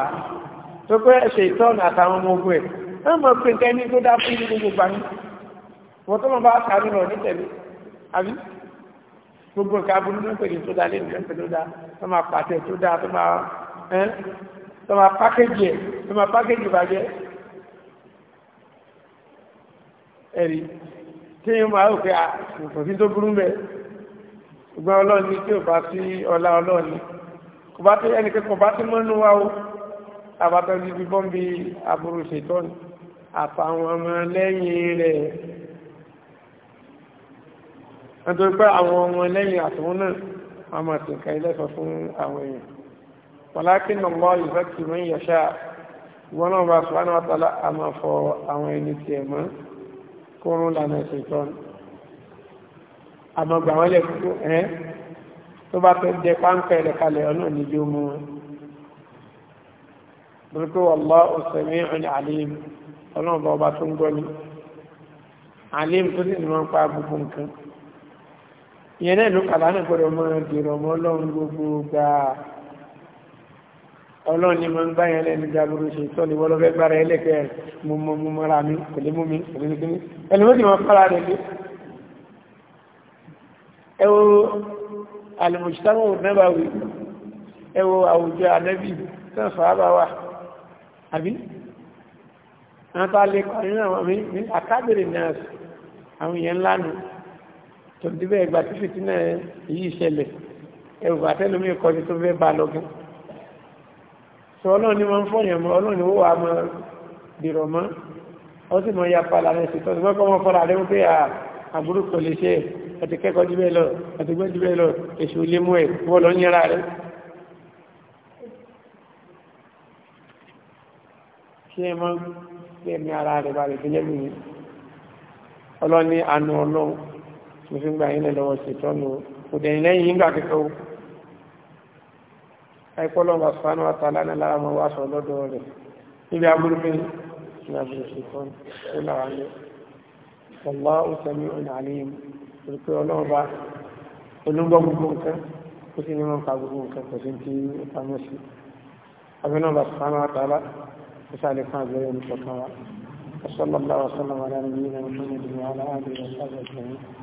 tó pé ṣètọ́nù àtàwọn ọmọ ogun ẹ̀ wọ́n mọ̀ pé nǹkan ẹni tó wọ́n tó lọ́n bá kánú lọ ní tẹ̀lé àbí gbogbo nǹkan aburú ló ń pè ní tó dáa lẹ́nu lẹ́nu tó dáa tó máa pàtẹ tó dáa tó máa ẹ́n tó máa pákéjì ẹ̀ tó máa pákéjì bàjẹ́ ẹ̀rí tí yóò máa rò pé òfin tó burú bẹ́ẹ̀ ṣùgbọ́n ọlọ́run ní tí ò bá sí ọlá ọlọ́run ní kò bá tó ẹnì kẹ́kọ̀ọ́ bá tó mọ́nú wa o àbátọ́ bíbí bọ́m̀bì aburú ṣètọ́ni àtàwọn ọmọ lẹ́yìn rẹ̀ nítorí pé àwọn ọmọ lẹ́yìn àtòun náà wọ́n máa ti nǹkan ilẹ́sọ fún àwọn èèyàn wàlákì nà mọ́ ìfẹ́ tì mí yẹ̀ṣà ìwọ́n náà bá sùn wọn tọ́lá a máa fọ àwọn ẹni tiẹ̀ mọ́ kóró lànà ìṣètọ́ àmọ́ gbà wọ́n lẹ̀ kúkú ẹ́ tó bá tó jẹ páńpẹ́ rẹ̀ kalẹ̀ ọ̀nà níbi ó mú wọn. Bùrùkú wallahu sami'un alim ọlọ́run bá ọba tó ń gbọ́ ni. Alim tó sì ní wọ́n pa gbogbo nǹkan ìyẹn náà ló kàbá náà gbọ́dọ̀ mọ́ dèrò ọmọ ọlọ́run gbogbo gba ọlọ́run ni mo ń bá yẹn lẹ́nu jagoro ṣe tọ́ ni wọ́lọ́fẹ́ gbára ẹlẹ́kẹ́ mo mọ mo mọ́ra mi kò lè mú mi kò lè kíní ẹni mo sì mọ fara rẹ̀ lé ẹ wo alùmùsítàmù mẹ́bàá wì ẹ wo àwùjọ ànẹ́bì tán fàábà wà àbí àwọn tá lè kọ́ nínú àwọn mi àkábèrè náà àwọn èèyàn ńlá nù tòǹdí bẹ́ẹ̀ gba tí fìtínà yìí ṣẹlẹ̀ ẹ̀rù àtẹ́lómi kọ́ni tó fẹ́ bá lọ gan. sọ ọlọ́run ni wọ́n ń fọyàn mọ́ ọlọ́run ni wọ́n wà á mọ dìrọ̀ mọ́ ó sì mọ yapa lára ẹ̀sìn tó ti wọ́n mọ́ fọ́ra rẹ̀ wípé àbúrò kò lè ṣe àti kẹ́kọ̀ọ́ bẹ́ẹ̀ lọ àti gbọ́ bẹ́ẹ̀ lọ èṣù lè mú ẹ̀ wọ́n lọ ń rẹ̀. ṣé mọ́ bí ẹ̀mí ara rẹ̀ balẹ̀ fi mo fi ń gba yín lọ́wọ́ ṣètọ́nù kò dẹ̀yìn lẹ́yìn yín gbà kíkọ́ o àìpọ́lọ́ bá sùpánù àtàlá náà lára mọ́ wá sọ lọ́dọ̀ rẹ̀ níbi aburú ní aburú ṣètọ́nù ó làwọn lé ọlá òsèmí ọ̀nà àlẹ́yìn ọlọ́run bá olóńgbọ́ gbogbo nǹkan ó sì ní mọ́ nǹkan gbogbo nǹkan kò sí ti pamọ́ sí abẹ́nà bá sùpánù àtàlá ó sàlẹ̀ fún àgbẹ̀rẹ̀ olùkọ̀kan wa وصلى الله وسلم على نبينا محمد وعلى اله وصحبه اجمعين